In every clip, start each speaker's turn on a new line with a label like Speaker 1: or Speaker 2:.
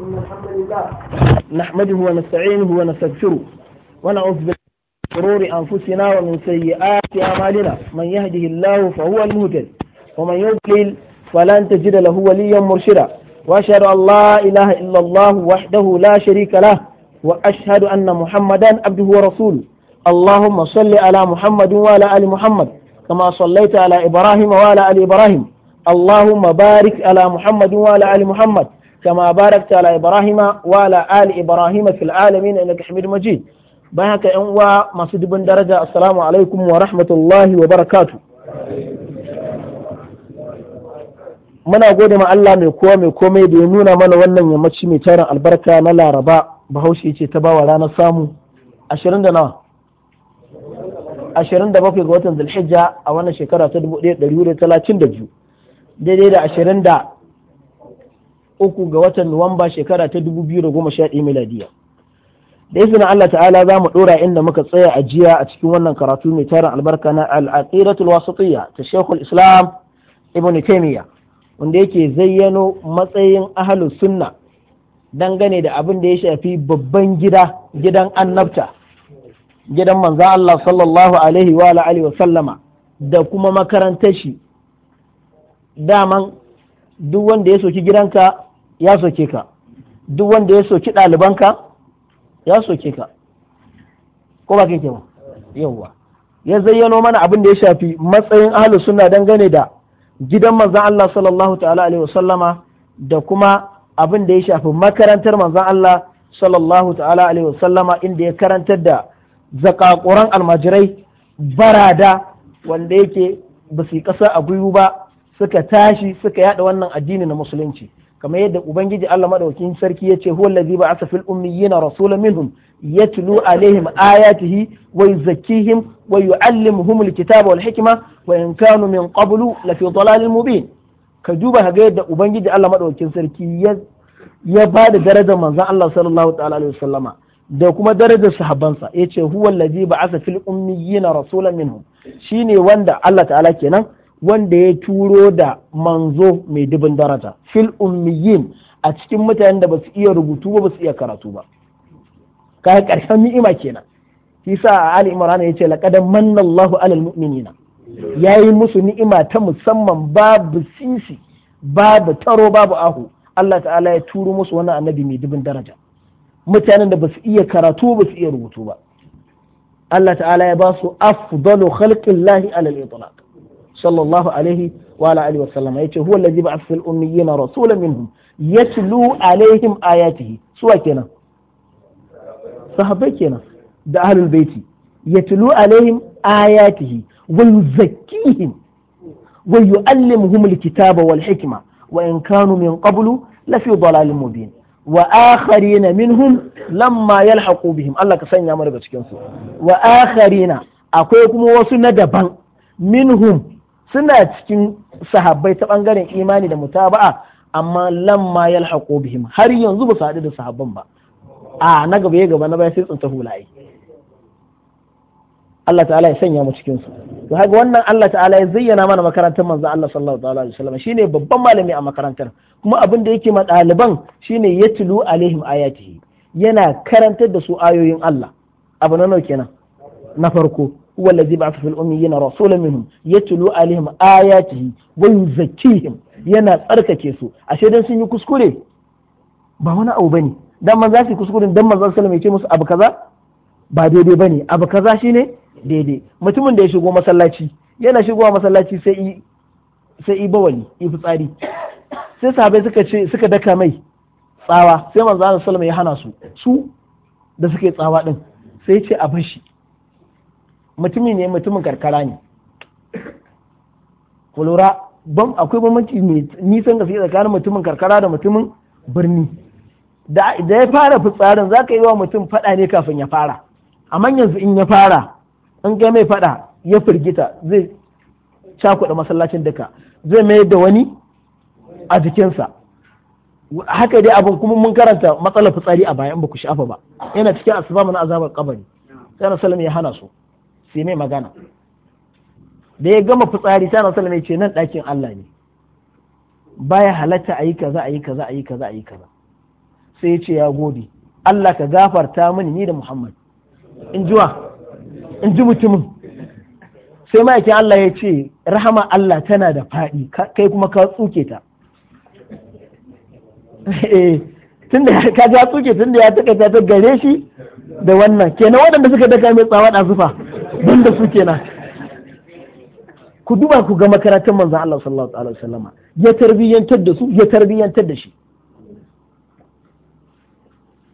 Speaker 1: إن الحمد لله نحمده ونستعينه ونستغفره ونعوذ بالله من شرور أنفسنا ومن سيئات أعمالنا من يهده الله فهو المهتد ومن يضلل فلن تجد له وليا مرشدا وأشهد أن لا إله إلا الله وحده لا شريك له وأشهد أن محمدا عبده ورسوله اللهم صل على محمد وعلى آل محمد كما صليت على إبراهيم وعلى آل إبراهيم اللهم بارك على محمد وعلى آل محمد كما باركت على إبراهيم وعلى آل إبراهيم في العالمين إنك حميد مجيد بهك أنوا ما بن درجة السلام عليكم ورحمة الله وبركاته muna gode ma Allah mai kowa mai komai da ya nuna mana wannan yammaci mai tarin albarka na Laraba Bahaushe ce ta bawa ranar samu 20 da nawa 27 ga watan Zulhijja a wannan shekara ta 1432 daidai da uku ga watan Nuwamba shekara ta 2011 miladiya. Da izinin Allah ta'ala za mu ɗora inda muka tsaya a jiya a cikin wannan karatu mai tarin albarka na al'aqiratul wasatiyya ta Sheikhul Islam Ibn Taymiyyah wanda yake zayyano matsayin ahlus sunna dangane da abin da ya shafi babban gida gidan annabta gidan manzan Allah sallallahu alaihi wa alihi wa sallama da kuma makarantar shi daman duk wanda ya soki gidanka ya soke ka duk wanda ya soki ɗalibanka ya soke ka ko ba kai ba yawwa ya zayyano mana abin da ya shafi matsayin ahlus sunna dangane da gidan manzon Allah sallallahu ta'ala alaihi wasallama da kuma abin da ya shafi makarantar manzon Allah sallallahu ta'ala alaihi wasallama inda ya karantar da zakakuran almajirai barada wanda yake ba su kasa a gwiwu ba suka tashi suka yada wannan addini na musulunci kamar yadda ubangiji Allah madaukakin sarki yace huwa allazi ba'atha fil ummiyina rasulan minhum yatlu alaihim ayatihi wa yuzakkihim wa yuallimuhum alkitaba wal hikma wa in kanu min qablu la fi dalalin mubin ka duba ga yadda ubangiji Allah madaukakin sarki ya ya ba da darajar manzon Allah sallallahu ta'ala alaihi wasallama da kuma darajar sahabbansa yace huwa allazi ba'atha fil ummiyina rasulan minhum shine wanda Allah ta'ala kenan wanda ya turo da manzo mai dubin daraja fil ummiyin a cikin mutanen da ba iya rubutu ba ba iya karatu ba kai karshen ni'ima kenan a ali imran yace laqad manna Allahu alal mu'minina yayi musu ni'ima ta musamman babu sisi babu taro babu aho Allah ta'ala ya turo musu wannan annabi mai dubin daraja mutanen da basu iya karatu ba su iya rubutu ba Allah ta'ala ya ba su afdalu khalqillahi alal itlaq sallallahu alaihi wa ala alihi wasallam yace huwa allazi ba'atha fil ummiyina rasulan minhum yatlu alaihim ayatihi suwa kenan sahabbai kenan da ahlul baiti yatlu alaihim ayatihi wa yuzakkihim wa yu'allimuhum alkitaba wal hikma wa in kanu min qablu lafi dalalin mubin wa akharina minhum lamma yalhaqu bihim Allah ka sanya mu daga cikin su wa akharina akwai kuma wasu na daban minhum suna cikin sahabbai ta bangaren imani da mutaba'a amma lamma ya yalhaqu bihim har yanzu ba su haɗu da sahabban ba a na gaba ya gaba na baya sai tsinta hulaye Allah ta'ala ya sanya mu cikin su to haka wannan Allah ta'ala ya zayyana mana makarantar manzo Allah sallallahu alaihi wasallam shine babban malami a makarantar kuma abin da yake ma ɗaliban shine yatlu alaihim ayatihi yana karantar da su ayoyin Allah abu na kenan na farko huwa allazi ba'atha fil ummiyina rasulan minhum yatlu alaihim ayatihi wa yuzakkihim yana tsarkake su ashe dan sun yi kuskure ba wani abu bane dan man za su yi dan manzon sallallahu alaihi wasallam ya musu abu kaza ba daidai bane abu kaza shine daidai mutumin da ya shigo masallaci yana shigowa masallaci sai sai i bawali i fitsari sai sahabai suka ce suka daka mai tsawa sai manzo Allah sallallahu ya hana su su da suke tsawa din sai ya ce a bar shi mutumi ne mutumin karkara ne ku lura akwai bambanci mai nisan gaske tsakanin mutumin karkara da mutumin birni da ya fara fitsarin za ka yi wa mutum faɗa ne kafin ya fara amma yanzu in ya fara in ga mai faɗa ya firgita zai cakuɗa masallacin duka zai mayar da wani a jikinsa haka dai abin kuma mun karanta matsalar fitsari a bayan ba ku shafa ba yana cikin asuba na azabar kabari sai na ya hana su sai mai magana da ya gama fitsari sai Rasul ne ce nan ɗakin Allah ne baya halatta a yi kaza a yi kaza a yi kaza a yi kaza sai ya ce ya gode Allah ka gafarta mini ni da Muhammad in ji wa in ji mutumin sai ma'aikin Allah ya ce rahama Allah tana da faɗi kai kuma ka tsuke ta eh, tunda ka ja tsuke tunda ya taka ta gare shi da wannan kenan waɗanda suka daka mai tsawa da zufa mun da su ku duba ku ga makarantar manzo Allah sallallahu alaihi wasallam ya tarbiyyantar da su ya tarbiyyantar da shi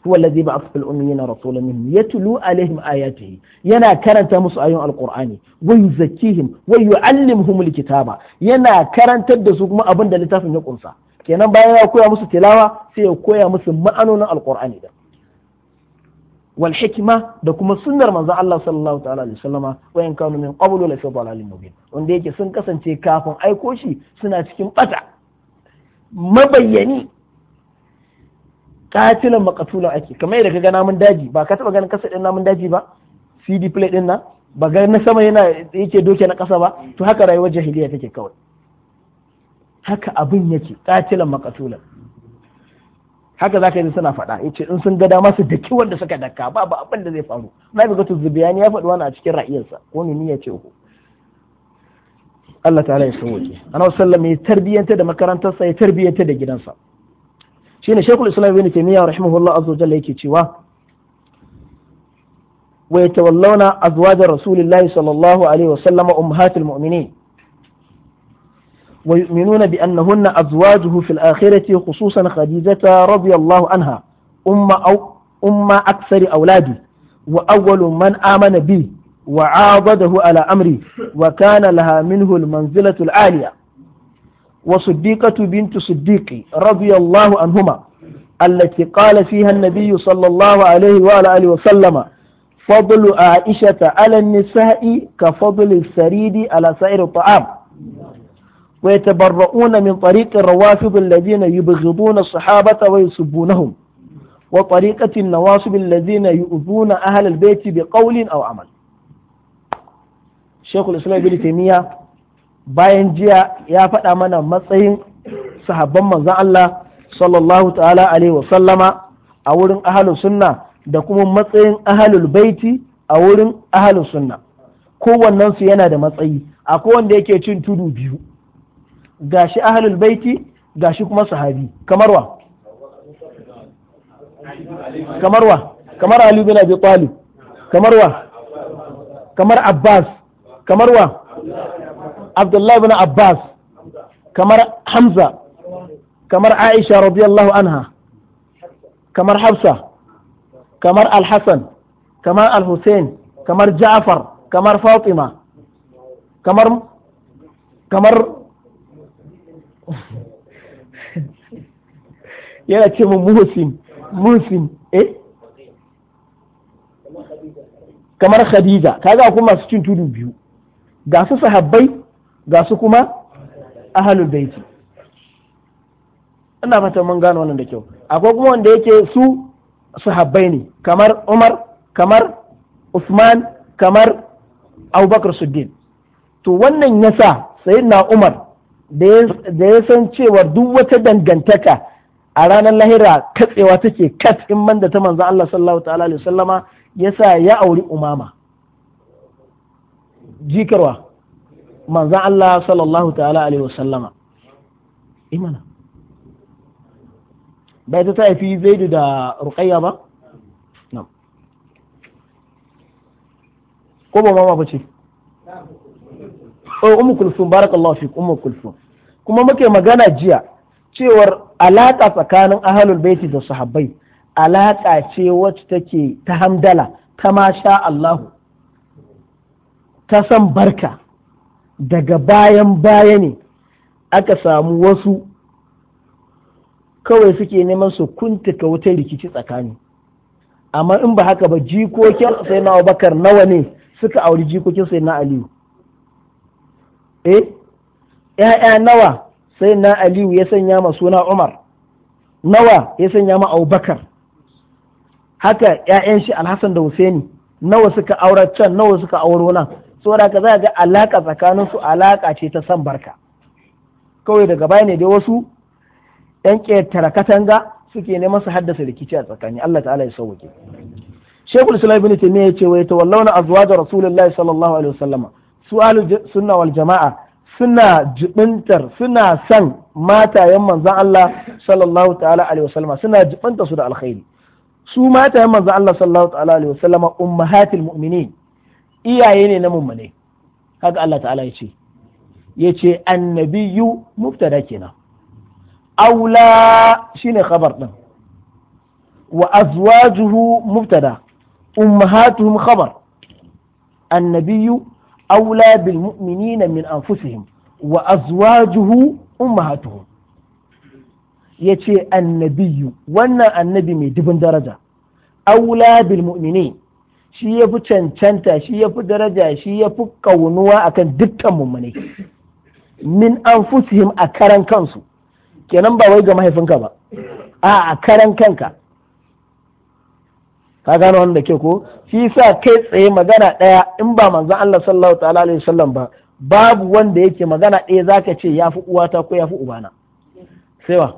Speaker 1: huwa allazi ba'atha fil ummiyina rasulan minhum yatlu alaihim ayatihi yana karanta musu ayoyin alqur'ani wai yuzakkihim wa yu'allimuhumul kitaba yana karantar da su kuma abinda da littafin ya kunsa kenan bayan ya koya musu tilawa sai ya koya musu ma'anonin alqur'ani da wal hikma da kuma sunnar manzon Allah sallallahu ta'ala alaihi wasallama wa in kanu min qablu la mubin wanda yake sun kasance kafin aiko shi suna cikin bata mabayyani katilan makatula ake kamar yadda ka ga namun daji ba ka taba ganin kasa din namun daji ba CD play din nan ba ga na sama yana yake doke na kasa ba to haka rayuwar jahiliya take kawai haka abin yake katilan makatulan haka zaka ji suna faɗa yace in sun ga dama su daki wanda suka daka babu abin da zai faru na bi gatu zubiyani ya faɗi wani a cikin ra'iyarsa ko ni ya ce ko Allah ta'ala ya sauke ana sallama ya tarbiyanta da makarantarsa ya tarbiyanta da gidansa shine shaykhul islam ibn taymiya rahimahullah azza jalla yake cewa wa yatawallawna azwajar rasulillahi sallallahu alaihi wa sallama ummahatul mu'minin ويؤمنون بأنهن أزواجه في الآخرة خصوصا خديجة رضي الله عنها أم أو أم أكثر أولادي وأول من آمن بي وعاضده على أمري وكان لها منه المنزلة العالية وصديقة بنت صديقي رضي الله عنهما التي قال فيها النبي صلى الله عليه وعلى آله وسلم فضل عائشة على النساء كفضل السريد على سائر الطعام ويتبرؤون من طريق الروافض الذين يبغضون الصحابة ويسبونهم وطريقة النواصب الذين يؤذون أهل البيت بقول أو عمل شيخ الإسلام ابن تيمية bayan jiya ya faɗa mana matsayin sahabban manzon Allah sallallahu ta'ala alaihi wasallama a wurin ahalus sunna da kuma matsayin ahalul baiti a wurin ahalus sunna kowannensu yana da matsayi akwai wanda yake cin tudu biyu gashi ahlul baiti gashi kuma sahabi kamar wa kamar wa kamar Ali bin Abi Talib kamar wa kamar Abbas kamar wa Abdullahi bin Abbas kamar Hamza kamar Aisha radiyallahu anha kamar Hafsa kamar al hassan kamar Al-Hussein kamar Ja'far kamar Fatima kamar kamar yana ce mu muhsin muhsin eh kamar khadija kaga kuma masu cin tudu biyu ga su sahabbai ga su kuma ahalul baiti ina fatan mun gano wannan da kyau akwai kuma wanda yake su sahabbai ne kamar umar kamar usman kamar abubakar suddin to wannan yasa sayyidina umar da ya san cewa duk wata dangantaka a ranar lahira katsewa take kat in man da ta manzo Allah sallallahu ta'ala alaihi sallama ya sa ya auri umama jikarwa manzo Allah sallallahu ta'ala alaihi sallama imana eh bai ta haifi zaidu da ruqayya ba ko ba mama ba ce oh ummu kulsum barakallahu fi ummu kulsum kuma muke magana jiya cewar alaka tsakanin ahlul baiti da sahabbai alaka ce wacce take ta hamdala ta ma sha Allahu ta san barka daga bayan baya ne aka samu wasu kawai suke neman su kuntuka wuta rikici tsakani amma in ba haka ba jikokin sai na abubakar nawa ne suka auri jikokin sai na aliyu eh ‘ya'ya nawa sai na aliyu ya sanya ma suna umar nawa ya sanya ma abubakar haka ‘ya'yan shi alhassan da husaini nawa suka aura can nawa suka auro nan saboda ka za ga alaka tsakanin su alaka ce ta san barka kawai daga baya ne dai wasu ‘yan ƙetare katanga suke neman su haddasa rikici a tsakani Allah ta'ala ya sauke shekul islam ta ne ya ce wai ta yatawallawna azwaja rasulullahi sallallahu alaihi wasallama su sunna jama'a suna jibintar suna san mata manzan Allah sallallahu suna jibinta su da alkhairi su matayen manzan Allah sallallahu ta'ala alaihi wasallama ummahatil mu'minin iyaye ne na mummune haka Allah ta'ala ya ce ya ce annabiyu mubtada kenan aula shine khabar din wa azwajuhu mubtada ummahatuhum khabar annabiyu aula بالمؤمنين من min وأزواجه wa azwajuhu النبي yace annabiyu wannan annabi mai dubin daraja aula shi ya fi cancanta shi ya fi daraja shi ya fi a akan dukkan mummune min anfusihim a karan kansu kenan ba wai ga mahaifinka ba a a karan kanka ka gano wanda ke ko shi sa kai tsaye magana ɗaya in ba manzon Allah sallallahu ta'ala alaihi wasallam ba babu wanda yake magana ɗaya zaka ce yafi uwata ko yafi ubana sai wa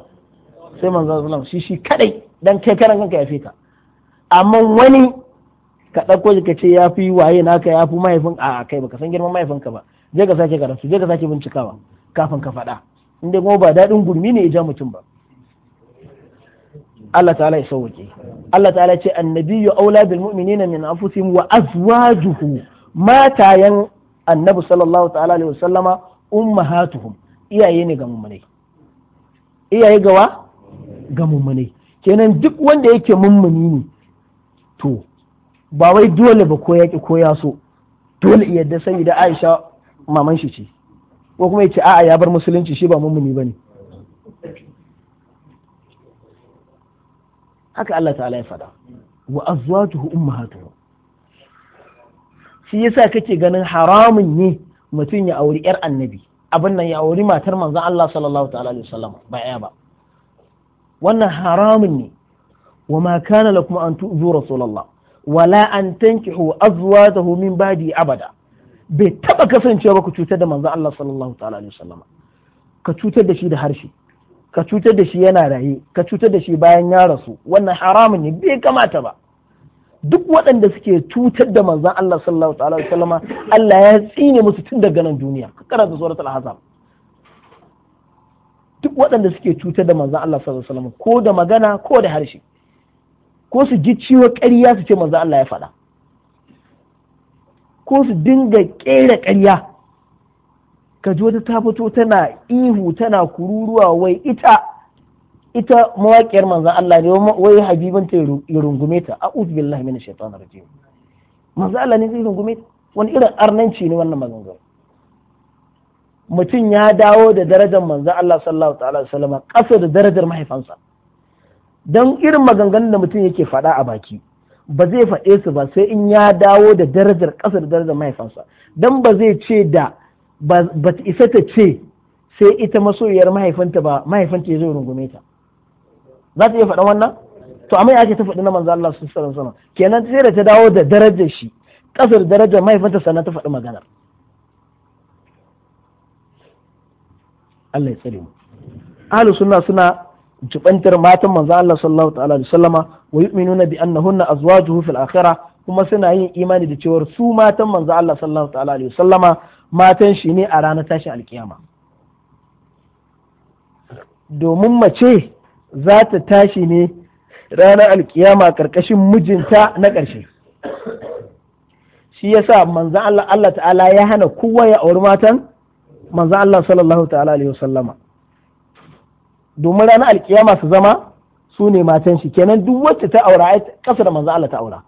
Speaker 1: sai manzon Allah shi shi kadai dan kai karan kanka yafi ka amma wani ka ɗauko ka ce ya fi waye naka ya fi mahaifin a kai baka san girman mahaifinka ba je ka sake karatu je ka sake bincikawa kafin ka faɗa inda kuma ba daɗin gurmi ne ya ja mutum ba Allah ta'ala ya sauke Allah ta'ala ce annabiyyu aula bil mu'minina min anfusihim wa azwajuhu matayan annabi sallallahu ta'ala alaihi wasallama ummahatuhum iyaye ne ga mummunai iyaye gawa ga mummunai kenan duk wanda yake mummuni ne to ba wai dole ba ko ki ko so dole yadda sai da Aisha maman shi ce ko kuma yace a'a ya bar musulunci shi ba mummuni bane haka Allah ta'ala ya faɗa wa azwajuhu ummahatuhu shi yasa kake ganin haramun ne mutum ya auri yar annabi abin nan ya auri matar manzon Allah sallallahu ta'ala alaihi wasallam ba ya ba wannan haramun ne wa ma kana lakum an tu'zu rasulullah wala an tankihu azwajahu min ba'di abada bai taba kasancewa ba ku cutar da manzon Allah sallallahu ta'ala alaihi wasallam ka cutar da shi da harshe ka cutar da shi yana raye ka cutar da shi bayan ya rasu wannan haramun ne bai kamata ba duk waɗanda suke cutar da manzan Allah sallallahu alaihi sallama Allah ya tsine musu tun daga nan duniya karanta suratul al-hazab duk waɗanda suke cutar da manzan Allah sallallahu alaihi wasallam ko da magana ko da harshe ko su ji ciwo ƙarya su ce manzan Allah ya faɗa ko su dinga ƙera ƙarya ka ji wata ta fito tana ihu tana kururuwa wai ita ita mawaƙiyar manzan Allah ne wai habibin ta ya rungume ta a uzu billahi mina shaitan rajim manzan Allah ne zai rungume ta wani irin arnanci ne wannan maganganu mutum ya dawo da darajar manzan Allah sallallahu ta'ala salama ƙasa da darajar mahaifansa don irin maganganun da mutum yake faɗa a baki ba zai faɗe su ba sai in ya dawo da darajar ƙasa da darajar mahaifansa don ba zai ce da ba ta isa ta ce sai ita masoyiyar mahaifinta ba mahaifinta ya zo rungume ta za ta iya faɗa wannan to amma ake ta faɗi na manzo Allah sallallahu alaihi wasallam kenan sai da ta dawo da darajar shi kasar darajar mahaifinta sannan ta faɗi magana Allah ya tsare mu ahlu sunna suna jubantar matan manzo Allah sallallahu ta'ala alaihi wasallama wa yu'minuna bi annahunna azwajuhu fil akhirah kuma suna yin imani da cewa su matan manzo Allah sallallahu ta'ala alaihi wasallama matan shi ne a ranar tashin alkiyama domin mace za ta tashi ne ranar alkiyama ƙarƙashin mijinta na ƙarshe shi yasa manzan Allah Allah ta'ala ya hana kowa ya auri matan manzan Allah sallallahu ta'ala alaihi wasallama domin ranar alkiyama su zama su ne matan shi kenan duk wacce ta aura ai ƙasa da manzan Allah ta aura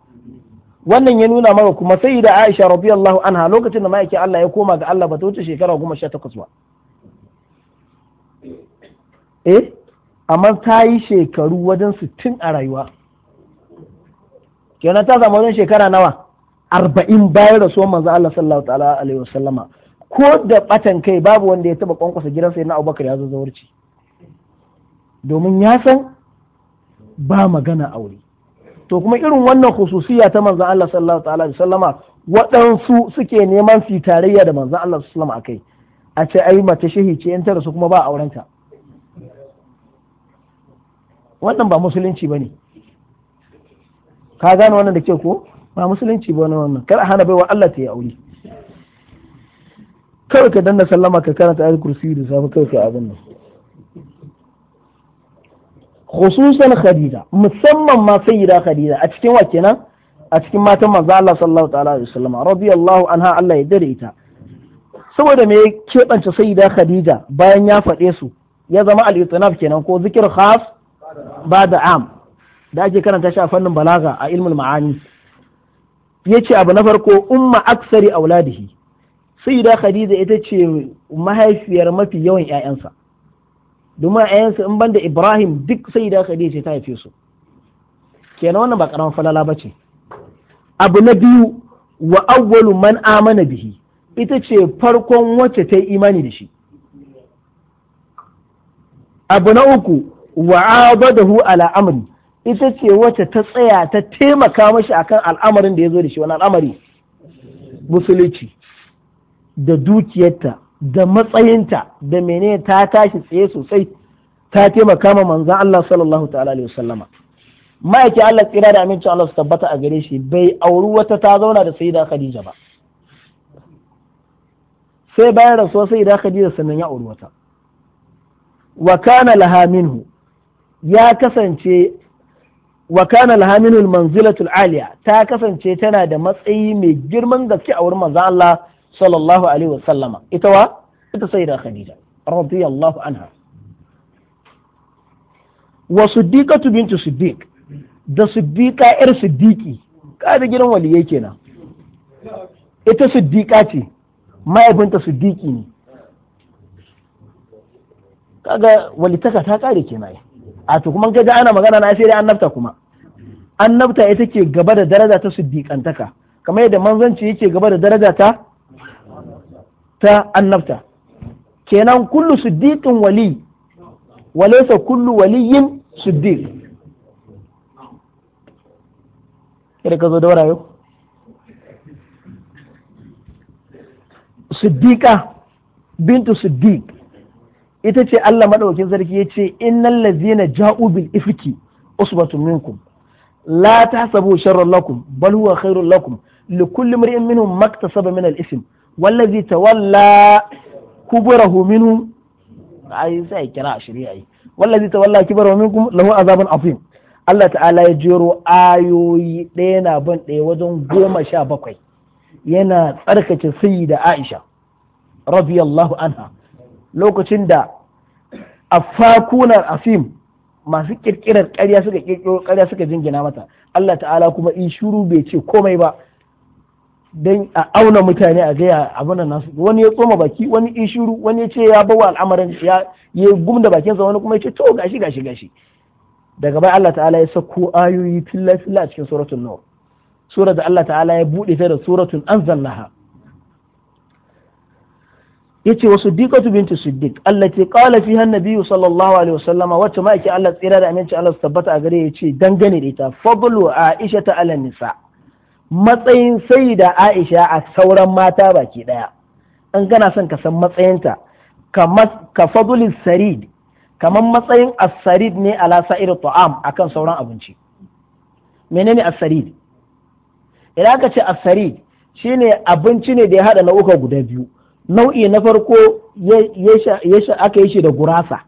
Speaker 1: wannan ya nuna maka kuma sai da Aisha radiyallahu anha lokacin da ma'aikin Allah ya koma ga Allah ba ta wuce shekara goma sha takwas ba eh amma ta yi shekaru wajen sittin a rayuwa kenan ta zama wajen shekara nawa arba'in bayan rasuwar manzo Allah sallallahu ta'ala alaihi wasallama ko da batan kai babu wanda ya taba kwankwasa sai na Abubakar ya zo zawarci domin ya san ba magana aure to kuma irin wannan khususiya ta manzan Allah sallallahu ta'ala da sallama waɗansu suke neman su tarayya da manzan Allah sallallahu a akai a ce ai mace shehi ce in ta kuma ba aurenta wannan ba musulunci ba ne. ka gane wannan da ke ko ba musulunci ba wannan kar a hana baiwa Allah ta yi aure kawai ka danna sallama ka karanta ayatul kursi da safe kawai ka abin nan khususan khadija musamman ma sayyida khadija a cikin wa kenan a cikin matan manzo Allah sallallahu ta'ala alaihi wasallam radiyallahu anha Allah ya dare ita saboda me ya kebance sayyida khadija bayan ya faɗe su ya zama al kenan ko zikir khas ba da am da ake karanta shi a fannin balaga a ilmul ma'ani yace abu na farko umma aksari auladihi sayyida khadija ita ce mahaifiyar mafi yawan 'ya'yansa domin yansu in ban da ibrahim duk sai da ce ta haife su kenan wannan ba karamar falala ba ce abu na biyu wa awwalu man amana bihi ita ce farkon wacce ta yi imani da shi abu na uku wa abadahu ala amri ita ce wacce ta tsaya ta taimaka mashi akan al'amarin da ya zo da shi wani al'amari musulunci da dukiyarta da matsayinta da mene ta tashi tsaye sosai ta taimaka ma manzan Allah sallallahu ta'ala alaihi wasallama ma'aiki Allah tsira da amincin Allah su tabbata a gare shi bai auri wata ta zauna da sayyida Khadija ba sai bayan rasuwa sayyida Khadija sannan ya auri wata wa kana laha ya kasance wa kana laha minhu aliya ta kasance tana da matsayi mai girman gaske a wurin manzan Allah sallallahu alaihi wa sallama ita wa ita sayyida khadija radiyallahu anha wa siddiqatu bintu siddiq da siddiqa yar siddiqi kada gidan waliyai kenan ita siddiqa ce mahaifinta siddiqi ne kaga walitaka ta kare kenan a to kuma kaga ana magana na sai dai annabta kuma annabta ita ke gaba da daraja ta siddiqantaka kamar yadda manzanci yake gaba da daraja ta ta annabta kenan kullu siddiqin wali walaysa kullu waliyin siddiq kada ka zo da siddiqa bintu siddiq ita ce Allah madaukakin sarki yace innal ladzina ja'u bil ifki usbatun minkum la tahsabu sharra lakum bal huwa khairul lakum kulli imrin minhum maktasaba min al ism wallazi tawalla kuburahu minhu ay sai kira a ai wallazi tawalla kibarahu minkum lahu azabun azim Allah ta'ala ya jero ayoyi ɗaya na ban ɗaya wajen goma sha bakwai yana tsarkace sayi da Aisha radiyallahu anha lokacin da afakunar afim masu kirkirar ƙarya suka kirkiro ƙarya suka jingina mata Allah ta'ala kuma in shuru bai ce komai ba don a auna mutane a gaya abin nan nasu wani ya tsoma baki wani in shiru wani ya ce ya bawa al'amarin ya ya da bakinsa wani kuma ya ce to gashi gashi gashi daga bai Allah ta'ala ya sako ayoyi filla filla a cikin suratul nur sura da Allah ta'ala ya buɗe ta da suratul Ya yace wasu dikatu binti siddiq allati qala fiha an-nabiy sallallahu alaihi sallama wacce ma'aiki Allah tsira da aminci Allah tabbata a gare yace dangane da ita fadlu aisha ta ala nisa' matsayin da aisha a sauran mata baki ɗaya in kana son ka san matsayinta ka fadulin sarid kamar matsayin asarid ne a las'a'ir ta'am akan sauran abinci menene asarid idan ka ce asarid shine abinci ne da ya haɗa nau'uka guda biyu nau'i na farko aka yi shi da gurasa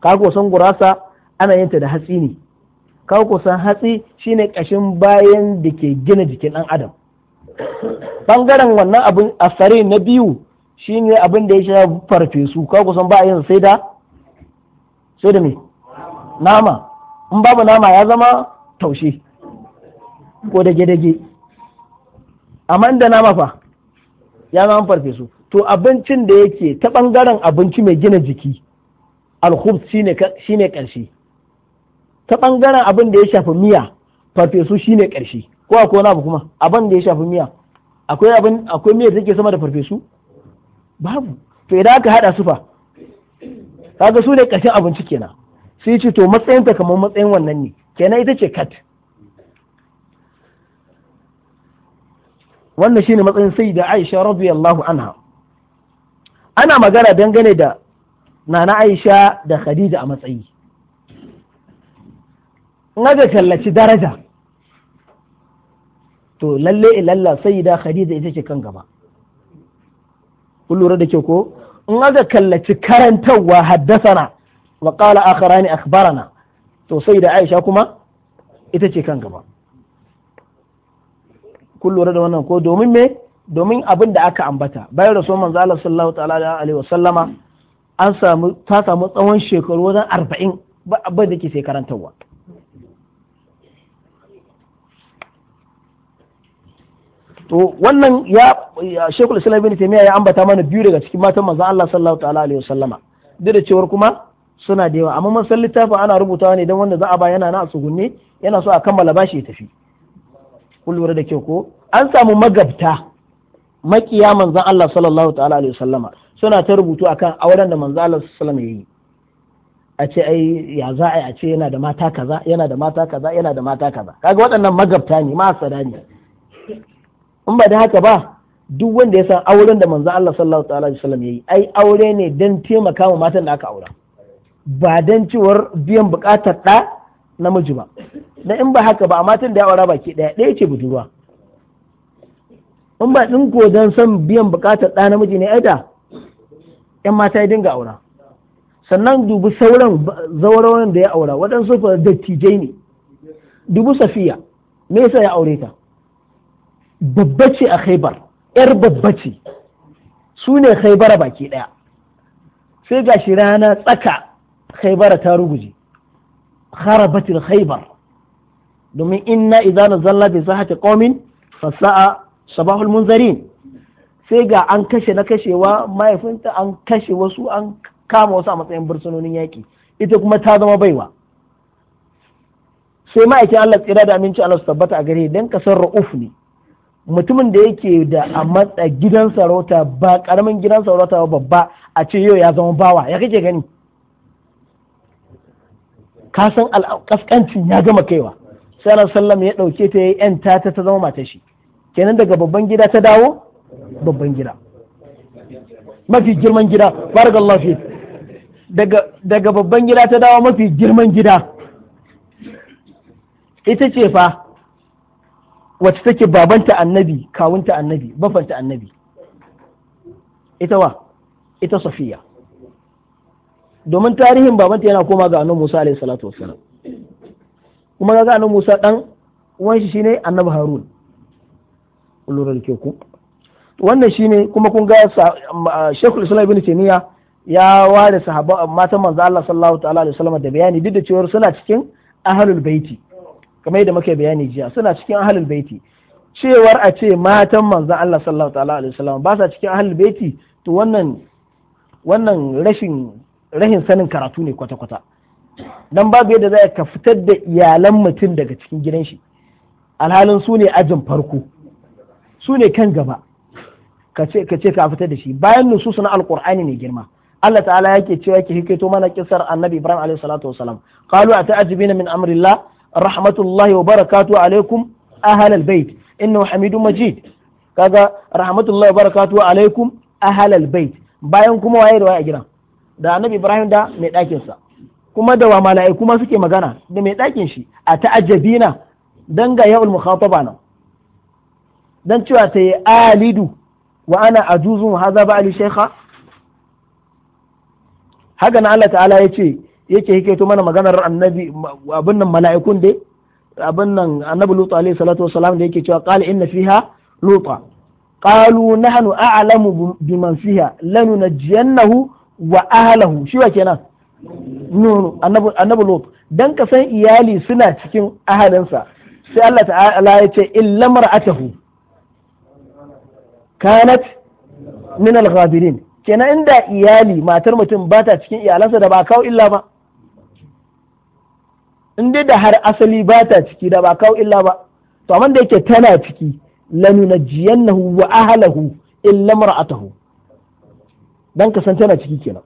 Speaker 1: ka san gurasa ana yin da hatsi ne ka kusan hatsi shine kashin bayan da ke gina jikin ɗan adam bangaren wannan abin asare na biyu shine abin da ya sha farfesu ka kusan ba yin sai da sai da me nama in babu nama ya zama taushe ko dage-dage amma da nama fa ya zama farfesu to abincin da yake ta bangaren abinci mai gina jiki al shine shine karshe ta ɓangaren abin da ya shafi miya farfesu shine ƙarshe, ko akwai wani abu kuma abin da ya shafi miya akwai abin akwai miya da take sama da farfesu babu to idan aka haɗa su fa kaga su ne karshen abinci kenan sai ce to matsayin ta kamar matsayin wannan ne kenan ita ce kat wannan shine matsayin sai da Aisha radiyallahu anha ana magana dangane da nana Aisha da Khadija a matsayi in aka kallaci daraja to lalle ilalla sayyida khadija ita ce kan gaba kun lura da ke ko in kallaci karantarwa haddasana wa qala akharani akhbarana to sayyida aisha kuma ita ce kan gaba kun lura da wannan ko domin me domin abin da aka ambata bayan rasul manzo Allah sallallahu ta'ala alaihi wasallama an samu ta samu tsawon shekaru wajen arba'in ba abin da ke sai karantawa to wannan ya shekul islam bin taimiyya ya ambata mana biyu daga cikin matan manzo Allah sallallahu ta'ala alaihi wasallama duk da cewar kuma suna da yawa amma man san littafin ana rubutawa ne dan wanda za a ba yana na a tsugunne yana so a kammala bashi ya tafi kun lura da kyau ko an samu magabta makiya manzon Allah sallallahu ta'ala alaihi wasallama suna ta rubutu akan auren da manzon Allah sallallahu alaihi a ce ai ya za a ce yana da mata kaza yana da mata kaza yana da mata kaza kaga waɗannan magabta ne ma sada ne in ba da haka ba duk wanda ya san auren da manzon Allah sallallahu alaihi wasallam yayi ai aure ne dan taimaka wa matan da aka aura ba dan cewar biyan bukatar da namiji ba na in ba haka ba matan da ya aura baki daya daya ce budurwa in ba din ko san biyan bukatar da namiji ne ai da yan mata ya dinga aura sannan dubi sauran zaurawan da ya aura waɗansu dattijai ne dubu safiya me yasa ya aure ta babba ce a khaibar yar babba ce su ne khaibara baki ɗaya sai ga shi rana tsaka khaibara ta ruguje kharabatil khaibar domin inna idza nazalla bi sahati qaumin sa'a sabahul munzarin sai ga an kashe na kashewa mahaifinta an kashe wasu an kama wasu a matsayin bursunonin yaki ita kuma ta zama baiwa sai ma'aikin Allah tsira da aminci Allah su tabbata a gare dan kasar ra'uf ne mutumin da yake da a matsa gidan sarauta ba karamin gidan sarauta ba babba a ce yau ya zama bawa ya kake gani ka san alƙaskancin ya gama kaiwa sai sallam ya ɗauke ta ya yan ta ta zama mata shi kenan daga babban gida ta dawo babban gida mafi girman gida barakallahu fi daga daga babban gida ta dawo mafi girman gida ita ce fa wacce take babanta annabi kawunta annabi bafanta annabi ita wa ita safiya domin tarihin babanta yana koma ga annabi Musa alaihi salatu wassalam kuma ga annabi Musa dan uwan shi shine annabi Harun lura da ku wannan shine kuma kun ga um, uh, Sheikhul Islam Ibn Taymiyyah ya ware sahaba matan manzo Allah sallallahu ta'ala alaihi wasallam da bayani duk da cewa suna cikin ahlul baiti kamar yadda muka bayani jiya suna cikin ahlul baiti cewar a ce matan manzon Allah sallallahu ta'ala alaihi wasallam ba sa cikin ahlul baiti to wannan wannan rashin rahin sanin karatu ne kwata kwata dan babu yadda za ka fitar da iyalan mutum daga cikin gidan shi alhalin su ne ajin farko su ne kan gaba ka ce ka fitar da shi bayan nususu na alqur'ani ne girma Allah ta'ala yake cewa yake hikaito mana kisar annabi Ibrahim alaihi salatu wasalam qalu ata'ajibina min amrillah rahmatullahi wa barakatuhu alaikum ahlal bait innahu Hamidu majid kaga rahmatullahi wa barakatuhu alaikum ahlal bait bayan kuma waye da waye a gidan da annabi ibrahim da mai dakin sa kuma da wa mala'iku ma suke magana da mai dakin shi a ta'ajjabina dan ga ya'ul mukhataba na dan cewa ta yi alidu wa ana ajuzun hadha ba ali shaykha haka na Allah ta'ala ya ce yake to mana maganar annabi abin nan mala'ikun dai abin nan annabi lutu alaihi salatu wasalam da yake cewa qala inna fiha luta qalu nahnu a'lamu biman fiha lanu najiyannahu wa ahlihi shi wa kenan no annabi annabi lutu dan ka san iyali suna cikin ahalinsa sai Allah ta'ala ya ce illa mar'atuhu kanat min al-ghabirin kenan inda iyali matar mutum ba ta cikin iyalansa da ba kawo illa ba in dai da har asali ba ta ciki da ba kawo illa ba to amma da yake tana ciki lanunajjiyannahu wa ahlahu illa mar'atahu dan ka san tana ciki kenan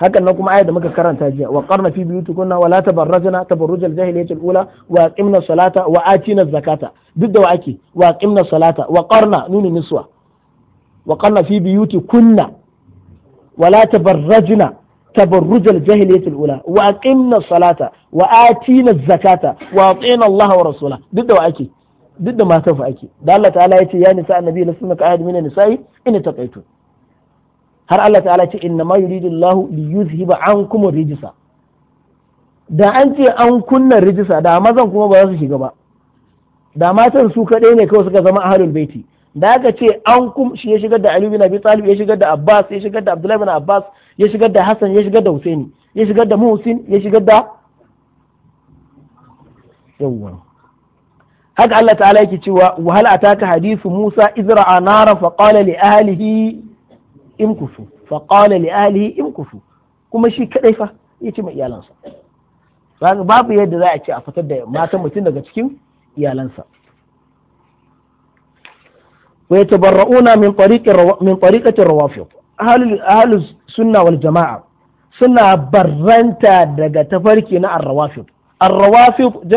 Speaker 1: hakan nan kuma ayat da muka karanta jiya wa qarna fi buyutikunna wa la tabarrajna tabarrujal jahiliyyati al-ula wa aqimna salata wa atina zakata duk da wake ake wa aqimna salata wa qarna nuni niswa wa qarna fi buyutikunna wa la tabarrajna تبرج الجاهلية الأولى وأقمنا الصلاة وآتينا الزكاة وأطعنا الله ورسوله ضد وأكي ضد ما سوف أكي الله تعالى يتي يا نساء النبي لستن كأحد من النساء إن تقيتم har Allah ta'ala ce inna ma yuridu Allah li yuzhiba da an ce an kunna rijisa da mazan kuma ba za su shiga ba da matan su kaɗai ne kawai suka zama ahlul baiti da aka ce an kum shi ya shigar da Ali bin Abi Talib ya shigar da Abbas ya shigar da Abdullahi bin Abbas ya shigar da Hassan ya shigar da Husaini ya shigar da Muhsin ya shigar da yawa haka Allah ta'ala yake cewa wa hal ataka hadithu Musa izra'a nara fa qala li ahlihi imkusu fa qala li ahlihi imkusu kuma shi kadai fa yace ma iyalansa babu yadda za a ce a fitar da matan mutum daga cikin iyalansa wa yatabarra'una min tariqi min tariqati rawafid ahlus sunna jama'a suna barranta daga tafarki na ar-rawafid ar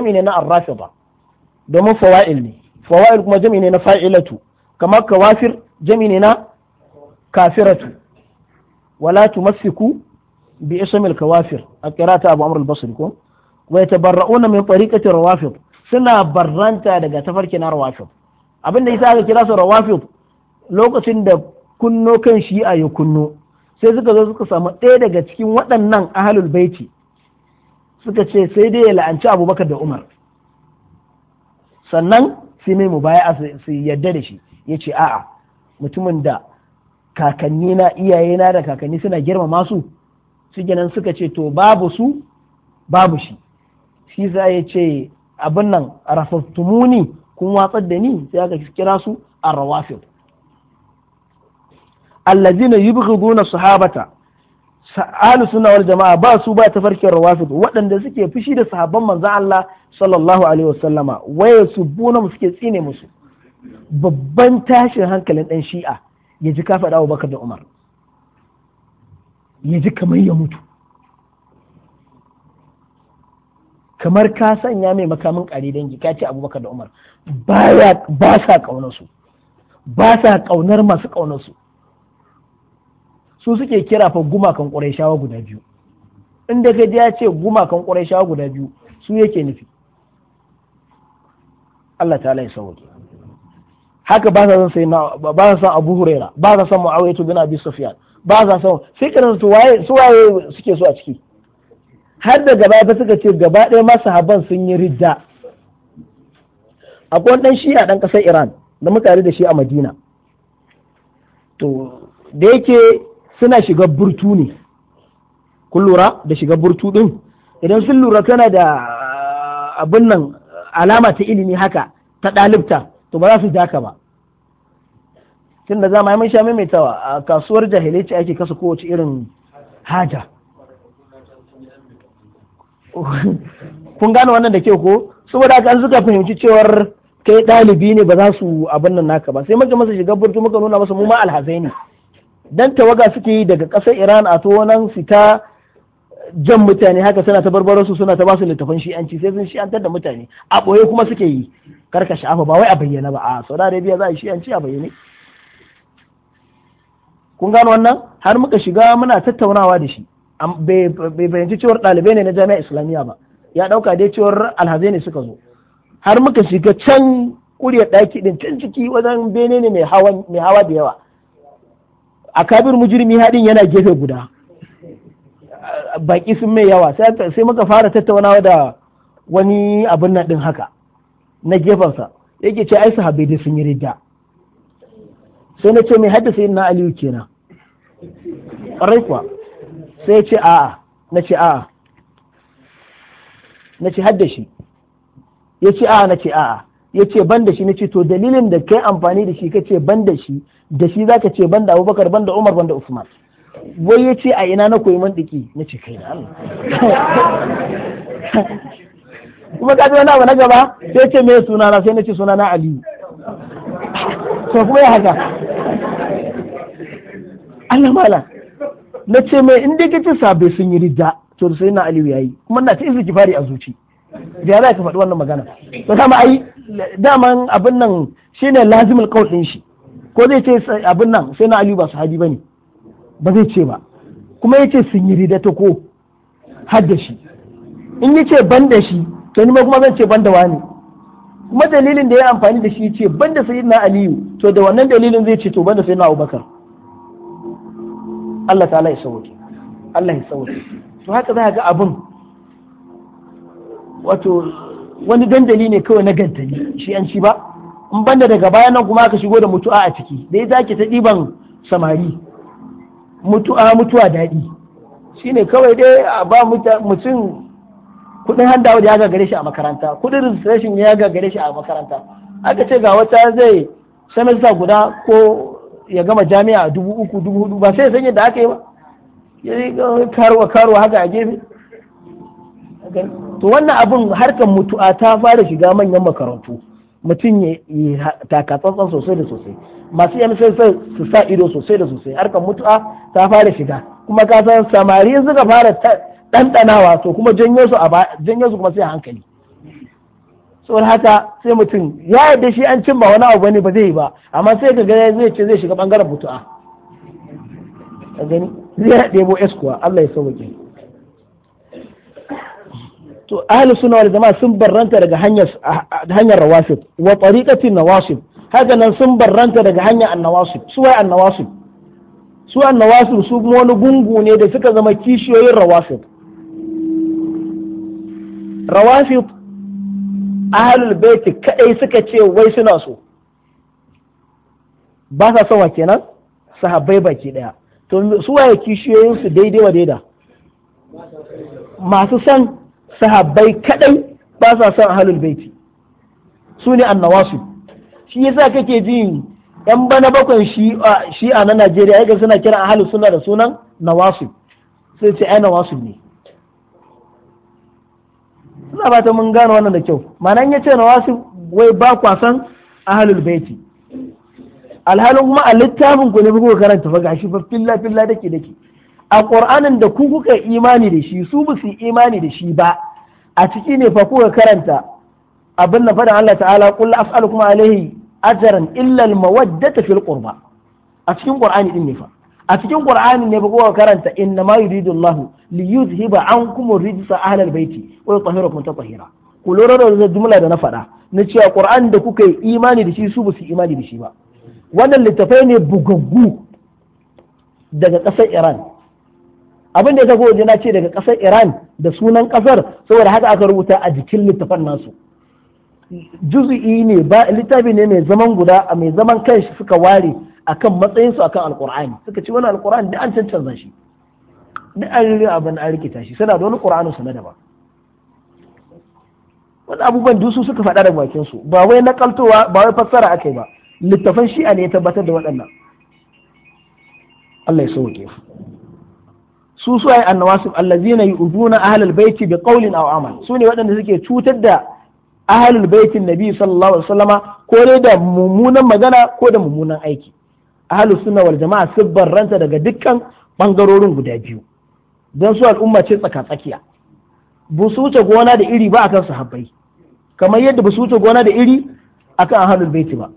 Speaker 1: ne na ar-rafida domin fawa'il ne fawa'il kuma jami'i ne na fa'ilatu kamar kawafir jami'i ne na kafiratu wala tumassiku bi ismil kawafir a qira'ata abu amr al min suna barranta daga tafarki na abin da yasa aka kira su rawafid lokacin da kunno kan shi'a ya kunno sai suka zo suka samu ɗaya daga cikin waɗannan ahalul baiti suka ce sai dai ya la'anci abubakar da umar sannan sai mai mubaya su yadda da shi ya ce a'a mutumin da kakanni na iyaye na da kakanni suna girmama su su nan suka ce to babu su babu shi shi za ya ce abin nan rafattumuni kun watsar da ni sai aka kira su a rawafil allazina yubghiduna sahabata ahlu sunna wal jama'a ba su ba tafarkin rawafid waɗanda suke fushi da sahabban manzon Allah sallallahu alaihi wasallama waye su buna suke tsine musu babban tashin hankalin dan shi'a yaji ji ka faɗa Abubakar da Umar yaji kamar ya mutu kamar ka sanya mai makamin ƙari dangi ka ce abubakar da umar ba sa ƙaunar su ba sa ƙaunar masu ƙaunar su su suke kira fa gumakan ƙurayshawa guda biyu inda ka ya ce gumakan ƙurayshawa guda biyu su yake nufi Allah ta ya sauke haka ba sa son sai ba sa son Abu Huraira ba sa son Muawiya bin Abi Sufyan ba sa son sai kana su waye su waye suke so a ciki har da gaba ba suka ce gaba ɗaya masu haban sun yi ridda akwai ɗan shi'a ɗan ƙasar iran da muka da shi a madina to da yake suna shiga burtu ne kun lura da shiga burtu ɗin idan sun lura tana da ah, abin nan alama ta ilimi haka ta ɗalibta to ba za su daka ba tun da zama mun sha maimaitawa a kasuwar jahilai ake kasa kowace irin haja kun gane wannan da ke ko saboda haka an suka fahimci cewar kai ɗalibi ne ba za su abin nan naka ba sai muka masa shiga burtu muka nuna masa mu ma alhazai ne dan tawaga suke yi daga ƙasar Iran a to nan su ta jan mutane haka suna ta barbaro su suna ta ba su littafin shi'anci sai sun shi'antar da mutane a ɓoye kuma suke yi karka sha'afa ba wai a bayyana ba a Saudi Arabia za a yi shi'anci a bayyane kun gano wannan har muka shiga muna tattaunawa da shi bai bayyanci ciwar ɗalibai ne na jami'a islamiyya ba ya ɗauka dai cewar alhazai ne suka zo har muka shiga can kuriyar ɗaki ɗin can ciki wajen bene ne mai hawa da yawa a kabir mujirmi haɗin yana gefe guda baki sun mai yawa sai muka fara tattaunawa da wani abin nan ɗin haka na gefensa yake ce ai Habe da sun yi ridda sai na ce mai haddasa yin na aliyu kenan ƙwarai kuwa sai ya ce a'a na ce a'a na ce hadda shi ya ce a'a na ce a'a ya ce ban da shi na ce to dalilin da kai amfani da shi ka ce ban da shi da shi za ka ce ban da abubakar ban da umar ban da usman wai ya ce a ina na koyi man diki na ce kai na kuma ka wani abu na gaba sai ce me suna na sai na ce suna na aliyu
Speaker 2: to kuma ya haka
Speaker 1: Allah malam na ce mai in dai kace sabe sun yi ridda to sai na aliyu yayi kuma na ta izu kifari a zuci da ya ka faɗi wannan magana to dama ai daman abin nan shine lazimul qaul din shi ko zai ce abin nan sai na aliyu ba sahabi bane ba zai ce ba kuma yace sun yi ridda ta ko har da shi in yace ban da shi to ni ma kuma zan ce ban da wani kuma dalilin da ya amfani da shi ce ban da sayyidina aliyu to da wannan dalilin zai ce to ban da sayyidina abubakar Allah ta ya sauke Allah ya sauke to haka za ga abin wato wani dandali ne kawai na gantali shi an ba in banda daga baya nan kuma aka shigo da mutu'a a ciki dai zaki ta ɗiban samari mutu'a mutuwa daɗi shine kawai dai a ba mutum kudin handawa ya gagare shi a makaranta kudin registration ya gagare shi a makaranta aka ce ga wata zai semester guda ko ya gama jami'a a dubu uku dubu hudu ba sai ya san yadda aka yi ba ya yi karuwa karuwa haka a gefe to wannan abin harkar mutu'a ta fara shiga manyan makarantu mutum ya yi takatsantsan sosai da sosai masu yan su sa ido sosai da sosai harkar mutu'a ta fara shiga kuma ka san samari suka fara ɗanɗanawa to kuma janyo su kuma sai hankali saboda haka sai mutum ya da shi an cin wani abu bane ba zai yi ba amma sai ka gani zai ce zai shiga bangaren butu'a a gani zai ɗebo eskuwa Allah ya sauke to ahli sunna wal jama'a sun barranta daga hanyar hanyar rawasib wa tariqatin nawasib haka nan sun barranta daga hanyar annawasib su wai annawasib su annawasib su kuma wani gungu ne da suka zama kishiyoyin rawasib rawasib ahalul baiti kadai suka ce wai suna so ba sa son kenan sahabbai baki daya to su waye kishiyoyin su daidai wa daida masu san sahabbai kadai ba sa son ahalul baiti su ne annawasu shi yasa kake ji yan bana bakwai shi'a na Najeriya yake suna kira ahalus sunna da sunan nawasu sai ce ai nawasu ne ina ba ta mun gano wannan da kyau ma'anan ya ce na wasu wai ba kwasan ahalul baiti alhalin kuma a littafin ku ne kuka karanta fa gashi fa filla filla dake dake a qur'anin da ku kuka imani da shi su ba su imani da shi ba a ciki ne fa kuka karanta abin da faɗin Allah ta'ala kullu as'alukum alaihi ajran illa al-mawaddata fil qurba a cikin qur'ani din ne fa a cikin qur'ani ne bugo karanta inna ma yuridu allah li yuzhiba ankum rijsa ahli albayti wa yutahhirakum tatahira ku lura da jumla da na faɗa na cewa qur'ani da kuka yi imani da shi su ba su imani da shi ba wannan littafai ne bugaggu daga ƙasar iran abin da ya zago waje na ce daga ƙasar iran da sunan ƙasar saboda haka aka rubuta a jikin littafan nasu juzu'i ne ba littafi ne mai zaman guda a mai zaman kanshi suka ware akan matsayinsu akan alkur'ani suka ce wani alkur'ani da an cancanza shi da an yi abin an rikita shi suna da wani qur'anin su na daba wani abubuwan dusu suka faɗa da bakin su ba wai nakaltowa ba wai fassara akai ba littafan shi'a ne ya tabbatar da waɗannan Allah ya sauke su su suwaye annawasib allazina yu'duna ahlal baiti bi qawlin aw amal su ne waɗanda suke cutar da ahlul baitin nabi sallallahu alaihi wasallama ko da mummunan magana ko da mummunan aiki ahlus sunna wal jama'a sun barranta daga dukkan bangarorin guda biyu don su al'umma ce tsaka-tsakiya ba su wuce gona da iri ba akan sahabbai kamar yadda ba su wuce gona da iri akan ahlul baiti ba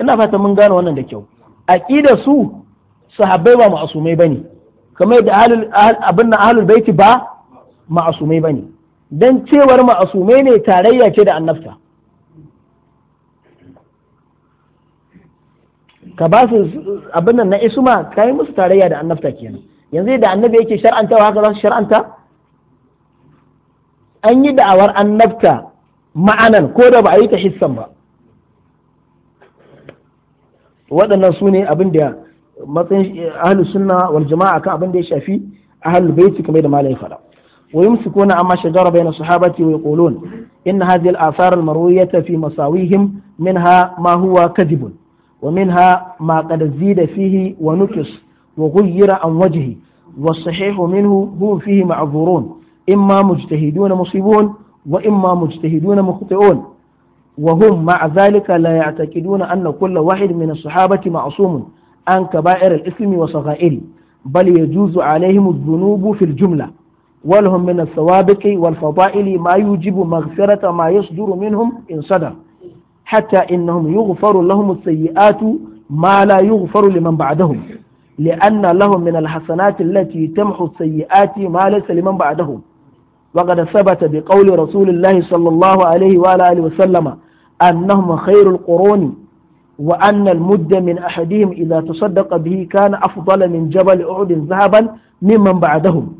Speaker 1: ina fata mun gane wannan da kyau aqida su sahabbai ba ma'asumai bane kamar yadda ahlul abin nan ahlul baiti ba ma'asumai ba ne. Don cewar ma'asumai ne tarayya ce da annabta ka ba su abin nan na isma ka yi musu tarayya da annabta kenan yanzu da annabi yake shar'antawa haka za su shar'anta an yi da'awar annabta ma'anan ko da ba a yi ta hissan ba waɗannan su ne abin da matsayin ahli sunna wal jama'a kan abin da ya shafi ahlul baiti kamar da malai fada wa yumsikuna amma shajara bayna sahabati wa yaqulun inna hadhihi al-athar al-marwiyata fi masawihim minha ma huwa kadhibun ومنها ما قد زيد فيه ونكس وغير عن وجهه والصحيح منه هم فيه معذورون إما مجتهدون مصيبون وإما مجتهدون مخطئون وهم مع ذلك لا يعتقدون أن كل واحد من الصحابة معصوم عن كبائر الإثم وصغائره بل يجوز عليهم الذنوب في الجملة ولهم من الثوابق والفضائل ما يوجب مغفرة ما يصدر منهم إن صدر حتى إنهم يغفر لهم السيئات ما لا يغفر لمن بعدهم لأن لهم من الحسنات التي تمحو السيئات ما ليس لمن بعدهم وقد ثبت بقول رسول الله صلى الله عليه وآله وسلم أنهم خير القرون وأن المد من أحدهم إذا تصدق به كان أفضل من جبل أعد ذهبا ممن بعدهم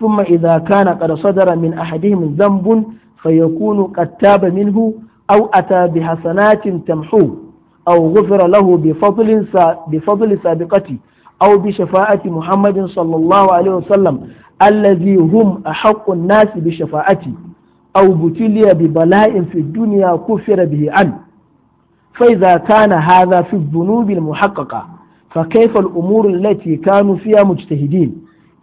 Speaker 1: ثم إذا كان قد صدر من أحدهم ذنب فيكون قد تاب منه أو أتى بحسنات تمحوه أو غفر له بفضل بفضل سابقته أو بشفاعة محمد صلى الله عليه وسلم الذي هم أحق الناس بشفاعته أو بتلي ببلاء في الدنيا كفر به عنه فإذا كان هذا في الذنوب المحققة فكيف الأمور التي كانوا فيها مجتهدين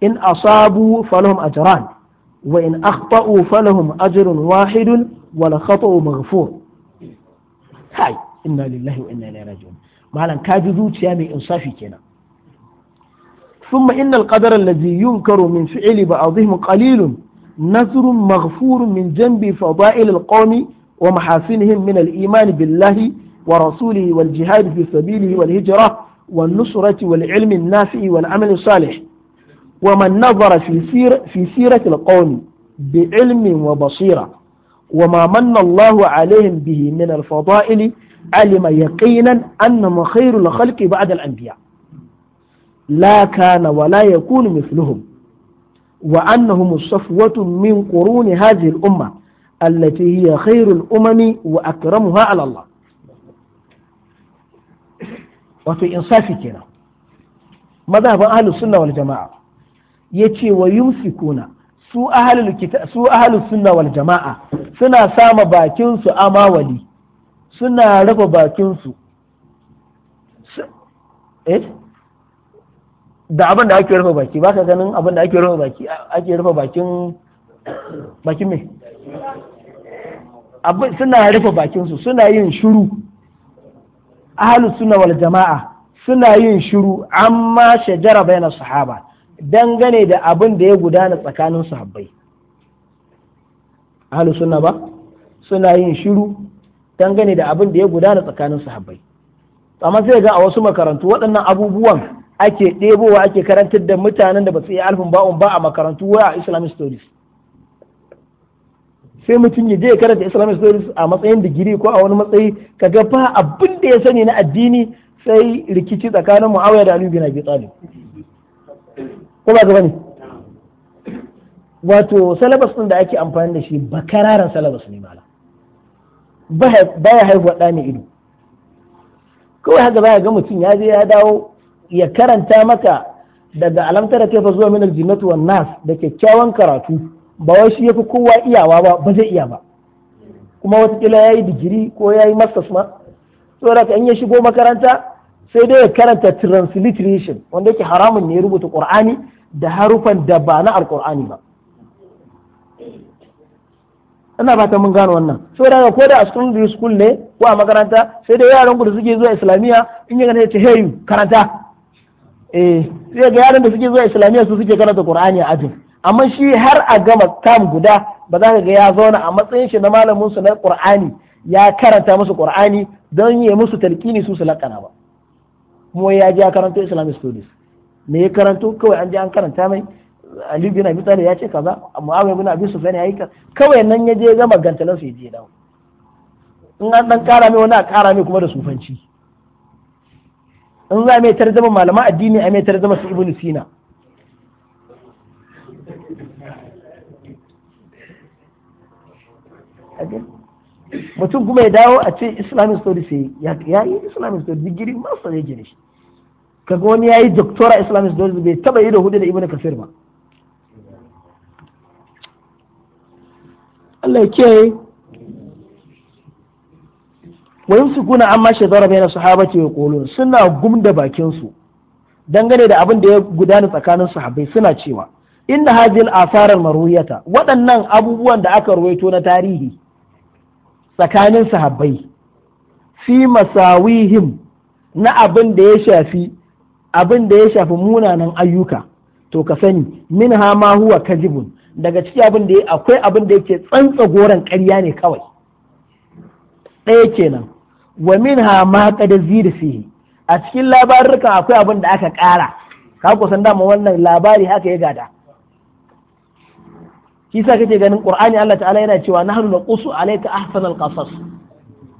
Speaker 1: إن أصابوا فلهم أجران وإن أخطأوا فلهم أجر واحد ولا خطأ مغفور هاي إنا لله وإنا إليه راجعون معنى كاجدو تيامي إنصافي كنا ثم إن القدر الذي ينكر من فعل بعضهم قليل نذر مغفور من جنب فضائل القوم ومحاسنهم من الإيمان بالله ورسوله والجهاد في سبيله والهجرة والنصرة والعلم النافع والعمل الصالح ومن نظر في سيرة, في سيرة القوم بعلم وبصيرة وما من الله عليهم به من الفضائل علم يقينا أنهم خير الخلق بعد الأنبياء لا كان ولا يكون مثلهم وأنهم الصفوة من قرون هذه الأمة التي هي خير الأمم وأكرمها على الله وفي إنصاف كنا مذهب أهل السنة والجماعة ya ce wa yumsikuna su ahalul su ahalus sunna wal jama'a suna sama bakin su amawali suna raba bakin su eh da abin da ake rufe baki baka ganin abin da ake rufe baki ake rufe bakin bakin me abin suna rufe bakin su suna yin shuru ahlus sunna wal jama'a suna yin shuru amma shajara bayan sahaba dangane da abin da ya gudana tsakanin sahabbai ahlus sunna ba suna yin shiru dangane da abin da ya gudana tsakanin sahabbai amma sai ga a wasu makarantu waɗannan abubuwan ake ɗebowa ake karantar da mutanen da ba su yi alfin ba'un ba a makarantu wa a islamic stories sai mutum ya je karanta islamic stories a matsayin digiri ko a wani matsayi kaga fa abin da ya sani na addini sai rikici tsakanin muawiya da aliyu bin abi talib ko ba gaba ne wato salabas ɗin da ake amfani da shi ba kararan salabas ne mala ba ya haihuwa ɗa mai ido kawai haka za ga mutum ya je ya dawo ya karanta maka daga alamtar kaifa zuwa minar aljinnatu wa nas da kyakkyawan karatu ba wai shi ya fi kowa iyawa ba ba zai iya ba kuma watakila yi digiri ko ya yi masters ma saboda ka in ya shigo makaranta sai dai ya karanta transliteration wanda yake haramun ne ya rubuta qur'ani da harufan da ba na alkur'ani ba ina ba mun gano wannan saboda haka ko da a secondary school ne ko a makaranta sai dai yaran ku da suke zuwa islamiyya in ya gane ce hey karanta eh sai ga yaran da suke zuwa islamiyya su suke karanta qur'ani a ajin amma shi har a gama tam guda ba za ka ga ya zauna a matsayin shi na malamin su na qur'ani ya karanta musu qur'ani don ya musu talqini su su lakana ba kuma ya ji ya karanta islamic studies me ya karanto kawai an je an karanta mai Ali bin Abi Talib ya ce kaza Muawiya bin Abi Sufyan ya yi kaza kawai nan ya je gama gantalan sai je dawo in an dan kara mai wani a kara mai kuma da sufanci in za a mai zama malaman addini a mai zama su Ibn Sina mutum kuma ya dawo a ce islamic studies ya yi islamic studies digiri masu ya gine shi kaga wani yayi doctora islamic studies bai taba yi da hudu da ibnu kafir ba Allah ya kiyaye wa yumsikuna amma na su sahabati wa qulun suna gumda bakin su dangane da abin da ya gudana tsakanin sahabbai suna cewa inna hadhihi al-athar waɗannan abubuwan da aka ruwaito na tarihi tsakanin sahabbai fi masawihim na abin da ya shafi abin da ya shafi munanan ayyuka to ka sani min ha ma huwa kajibun daga ciki abin da akwai abin da yake tsantsa goron ƙarya ne kawai ɗaya kenan wa min ha ma kada zira fihi a cikin labarukan akwai abin da aka ƙara ka kusan dama wannan labari haka ya gada shi sa kake ganin qur'ani Allah ta'ala yana cewa nahnu naqusu alayka ahsanal qasas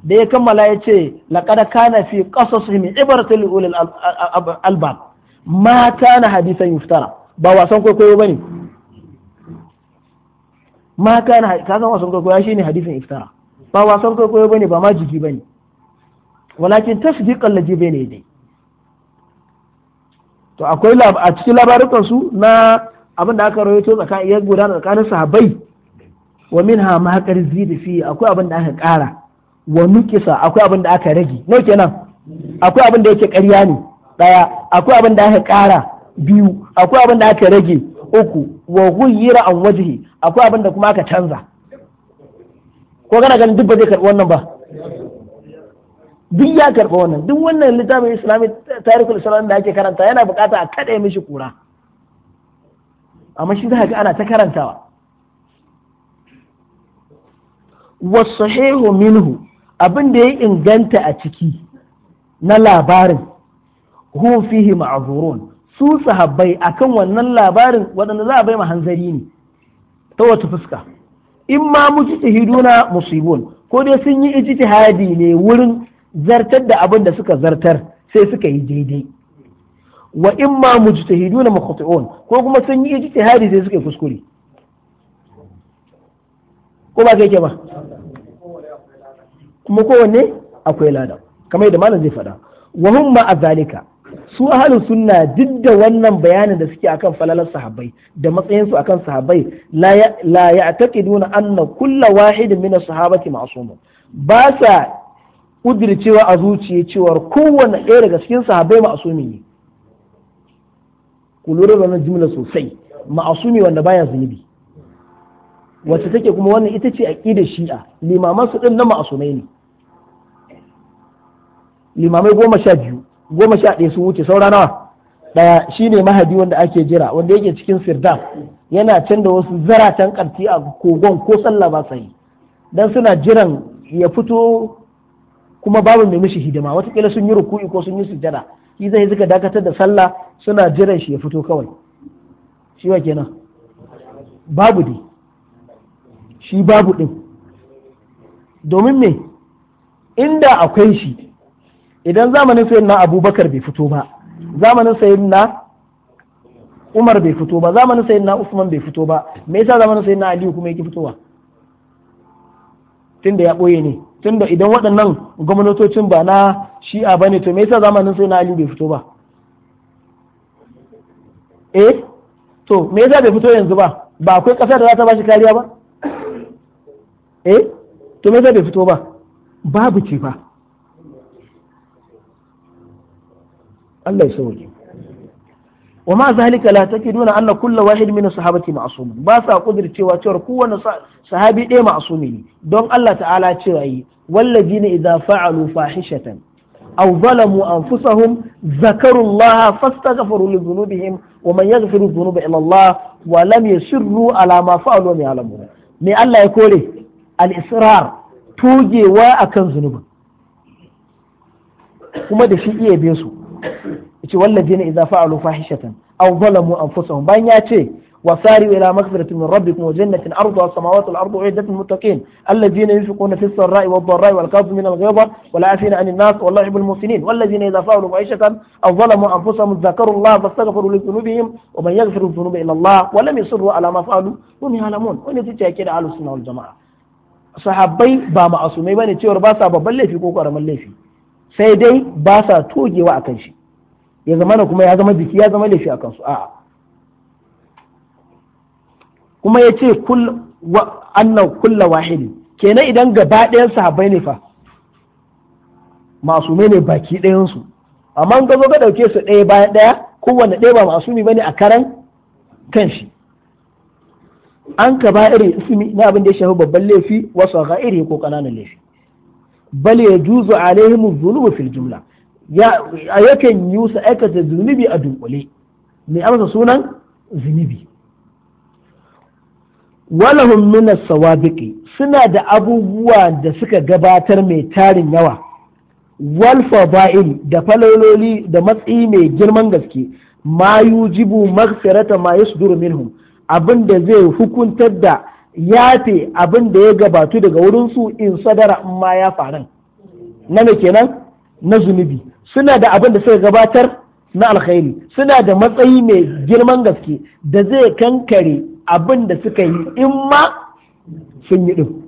Speaker 1: da ya kammala ya ce laƙada kana fi ƙasasihim ibaratul ulil albab Mata na hadisan yuftara ba wasan kwaikwayo bane ma kana kasan wasan kwaikwayo ne hadisan iftara ba wasan kwaikwayo bane ba ma jiki bane walakin tasdiqan bai ne dai, to akwai a cikin labarukan su na abin da aka rawaito tsakanin ya gudana tsakanin sahabbai wa min ha ma qad zid fi akwai abin da aka ƙara wa nukisa akwai abin da aka rage no kenan akwai abin da yake ƙarya ne daya akwai abin da aka ƙara biyu akwai abin da aka rage uku wa ghayyira an wajhi akwai abin da kuma aka canza ko kana ganin duk ba zai karɓi wannan ba duk ya karɓi wannan duk wannan littafin islami tarihul islam da ake karanta yana bukata a ya mishi kura amma shi za ga ana ta karantawa wasu minhu abin da ya inganta a ciki na labarin hun fihi ma'azurun su sahabbai akan wannan labarin waɗanda za a bai hanzari ne ta wata fuska in ma hiduna musibun ko dai sun yi ijtihadi ne wurin zartar da abin da suka zartar sai suka yi daidai wa in ma hiduna mukhati'un ko kuma sun yi ijtihadi sai suka yi kuskure ko ba kai ke ba kuma kowanne akwai lada kamar yadda malam zai faɗa wa hum ma azalika su ahlus sunna duk wannan bayanin da suke akan falalar sahabbai da matsayin su akan sahabbai la taqiduna anna kullu wahidin min as-sahabati ma'sum ba sa cewa a zuciya cewar kowanne ɗaya daga cikin sahabbai ma'sumi ne ku lura da wannan jumla sosai ma'asumi wanda baya zunubi wacce take kuma wannan ita ce aqidar shi'a limaman su din na ma'asumai ne limamai goma sha biyu goma sha ɗaya su wuce saura nawa ɗaya shi ne mahadi wanda ake jira wanda yake cikin sirda yana can da wasu zaratan ƙarti a kogon ko sallah ba sai dan suna jiran ya fito kuma babu mai mishi hidima watakila sun yi ruku'i ko sun yi sujada shi zai suka dakatar da sallah suna jiran shi ya fito kawai shi wa kenan babu dai shi babu din domin me inda akwai shi idan zamanin sayyidina abubakar bai fito ba zamanin sayyidina umar bai fito ba zamanin sayyidina usman bai fito ba me yasa zamanin sayyidina aliyu kuma yake fitowa tunda ya ɓoye ne tunda idan waɗannan gwamnatocin ba na shi'a ba ne to me yasa zamanin sai na aliyu bai fito ba eh to me yasa bai fito yanzu ba ba akwai ƙasa da za ta bashi kariya ba eh to me yasa bai fito ba babu ce ba Allah ya sauke wa ma zalika la takiduna anna kullu wahid min sahabati ma'sum ba sa kudircewa cewa kowanne sahabi ɗaya ma'sumi ne don Allah ta'ala cewa yi wallazina idza fa'alu fahishatan aw zalamu anfusahum zakaru Allah fastaghfiru li dhunubihim wa man yaghfiru dhunuba illa Allah wa lam yusirru ala ma fa'alu wa me Allah ya kore al-israr tugewa akan zunubin kuma da shi iya be su yace wallazina idza fa'alu fahishatan aw zalamu anfusahum bayan ya ce وساروا إلى مغفرة من ربكم وجنة أرضها السماوات والأرض أعدت للمتقين الذين ينفقون في السراء والضراء والكاظم من الغيظ والعافين عن الناس والله يحب المحسنين والذين إذا فعلوا معيشة أو ظلموا أنفسهم ذكروا الله فاستغفروا لذنوبهم ومن يغفر الذنوب إلا الله ولم يصروا على ما فعلوا وهم يعلمون ونتيجة كده على السنة والجماعة صحابي با معصومي بني تيور باسا ببلي في كوكا رمال في sai dai ba sa togewa a kan shi ya zama na kuma ya zama jiki ya zama laifi a kansu a'a kuma ya ce annan kulla wahidi kenan idan gaba ɗayan sahabbai ne fa masu ne baki ɗayansu amma ga zo ka ɗauke su ɗaya bayan ɗaya kowane ɗaya ba ba bane a karan shi. an ka ba irin ismi na abin da ya shafi babban laifi wasu ga iri ko ƙananan laifi bal yajuzu alaihim adh-dhunubu fil jumla ya yakan yi su aikata zunubi a dunkule mai amsa sunan zunubi walahum min as suna da abubuwa da suka gabatar mai tarin yawa wal fada'il da falololi da matsi mai girman gaske ma yujibu maghfirata ma yasduru minhum abinda zai hukuntar da yafe abin da ya gabatu daga wurinsu in sadara in ma ya faru na me kenan na zunubi suna da abin da suka gabatar na alkhairi suna da matsayi mai girman gaske da zai kankare abin da suka yi in ma sun yi din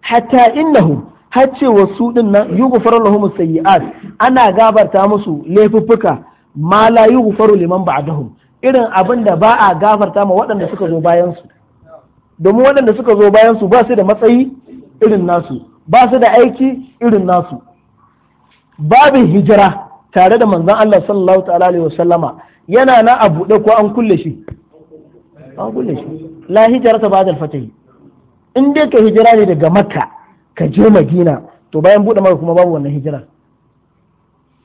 Speaker 1: hatta innahu har cewa su din nan yughfaru lahum sayyi'at ana gabarta musu laifuffuka ma la yughfaru liman ba'dahum irin abin da ba a gafarta ma waɗanda suka zo bayan su domin waɗanda suka zo bayan su ba su da matsayi irin nasu ba su da aiki irin nasu babin hijira tare da manzan Allah sallallahu ta'ala alaihi wasallama yana na a buɗe ko an kulle shi
Speaker 2: an kulle shi
Speaker 1: la hijira ta ba'da fatahi in dai ka hijira ne daga makka ka je madina to bayan buɗe maka kuma babu wannan hijira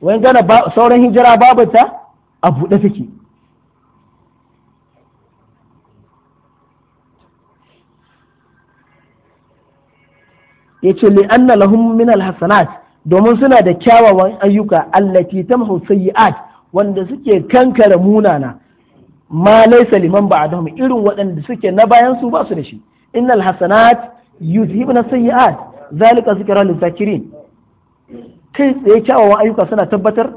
Speaker 1: wani gana sauran hijira babu ta a buɗe take yace li anna lahum min alhasanat domin suna da kyawawan ayyuka allati tamhu sayyi'at wanda suke kankara munana ma laysa liman ba'dahum irin waɗanda suke na bayan su ba su da shi innal hasanat yuzhibna sayyi'at zalika zikra lil zakirin kai tsaye kyawawan ayyuka suna tabbatar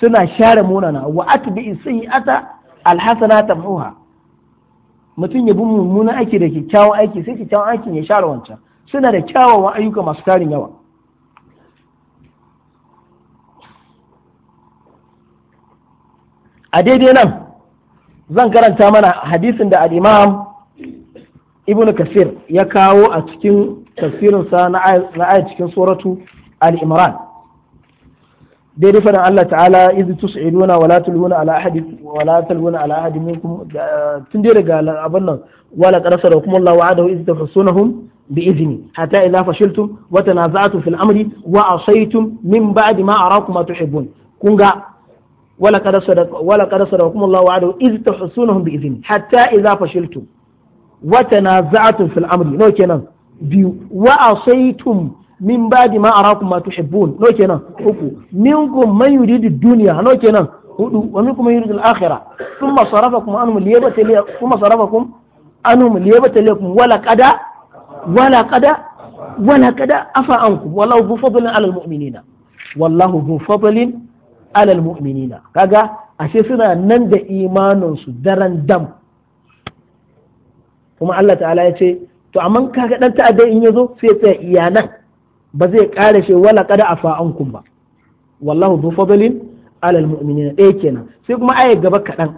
Speaker 1: suna share munana wa atbi sayyi'ata alhasana tamhuha mutum ya bi mummunan aiki da kyakkyawan aiki sai kyakkyawan aikin ya share wancan suna da kyawawan ayyuka masu tarin yawa a daidai nan zan karanta mana hadisin da al'imam ibn kasir ya kawo a cikin tafsirinsa na aya cikin suratu al-imran daidai faɗin Allah ta'ala izi tus'iluna wala tulhuna ala ahadi latul wuna ala ahadi kuma tun dai daga abin nan wala qarasa da kuma Allah wa'adahu izi tafasunahun بإذني حتى إذا فشلتم وتنازعتم في الأمر وعصيتم من بعد ما أراكم ما تحبون كونغا ولقد صدق ولقد صدقكم الله وعده إذ تحسونهم بإذني حتى إذا فشلتم وتنازعتم في الأمر نو كنا بيو وعصيتم من بعد ما أراكم ما تحبون نو كنا منكم من يريد الدنيا نو كنا ومنكم من يريد الآخرة ثم صرفكم عنهم ليبتليكم ثم صرفكم عنهم ليبتليكم ولقد wala kada wala kada wallahu dhu alal mu'minina wallahu dhu fadlin alal mu'minina kaga ashe suna nan da imanin su daren dam kuma Allah ta'ala ya ce to amma kaga ɗan ta'adda in yazo sai ya tsaya iyanan ba zai kare shi wala kada afa ankum ba wallahu dhu alal mu'minina ɗaya kenan sai kuma ayar gaba kaɗan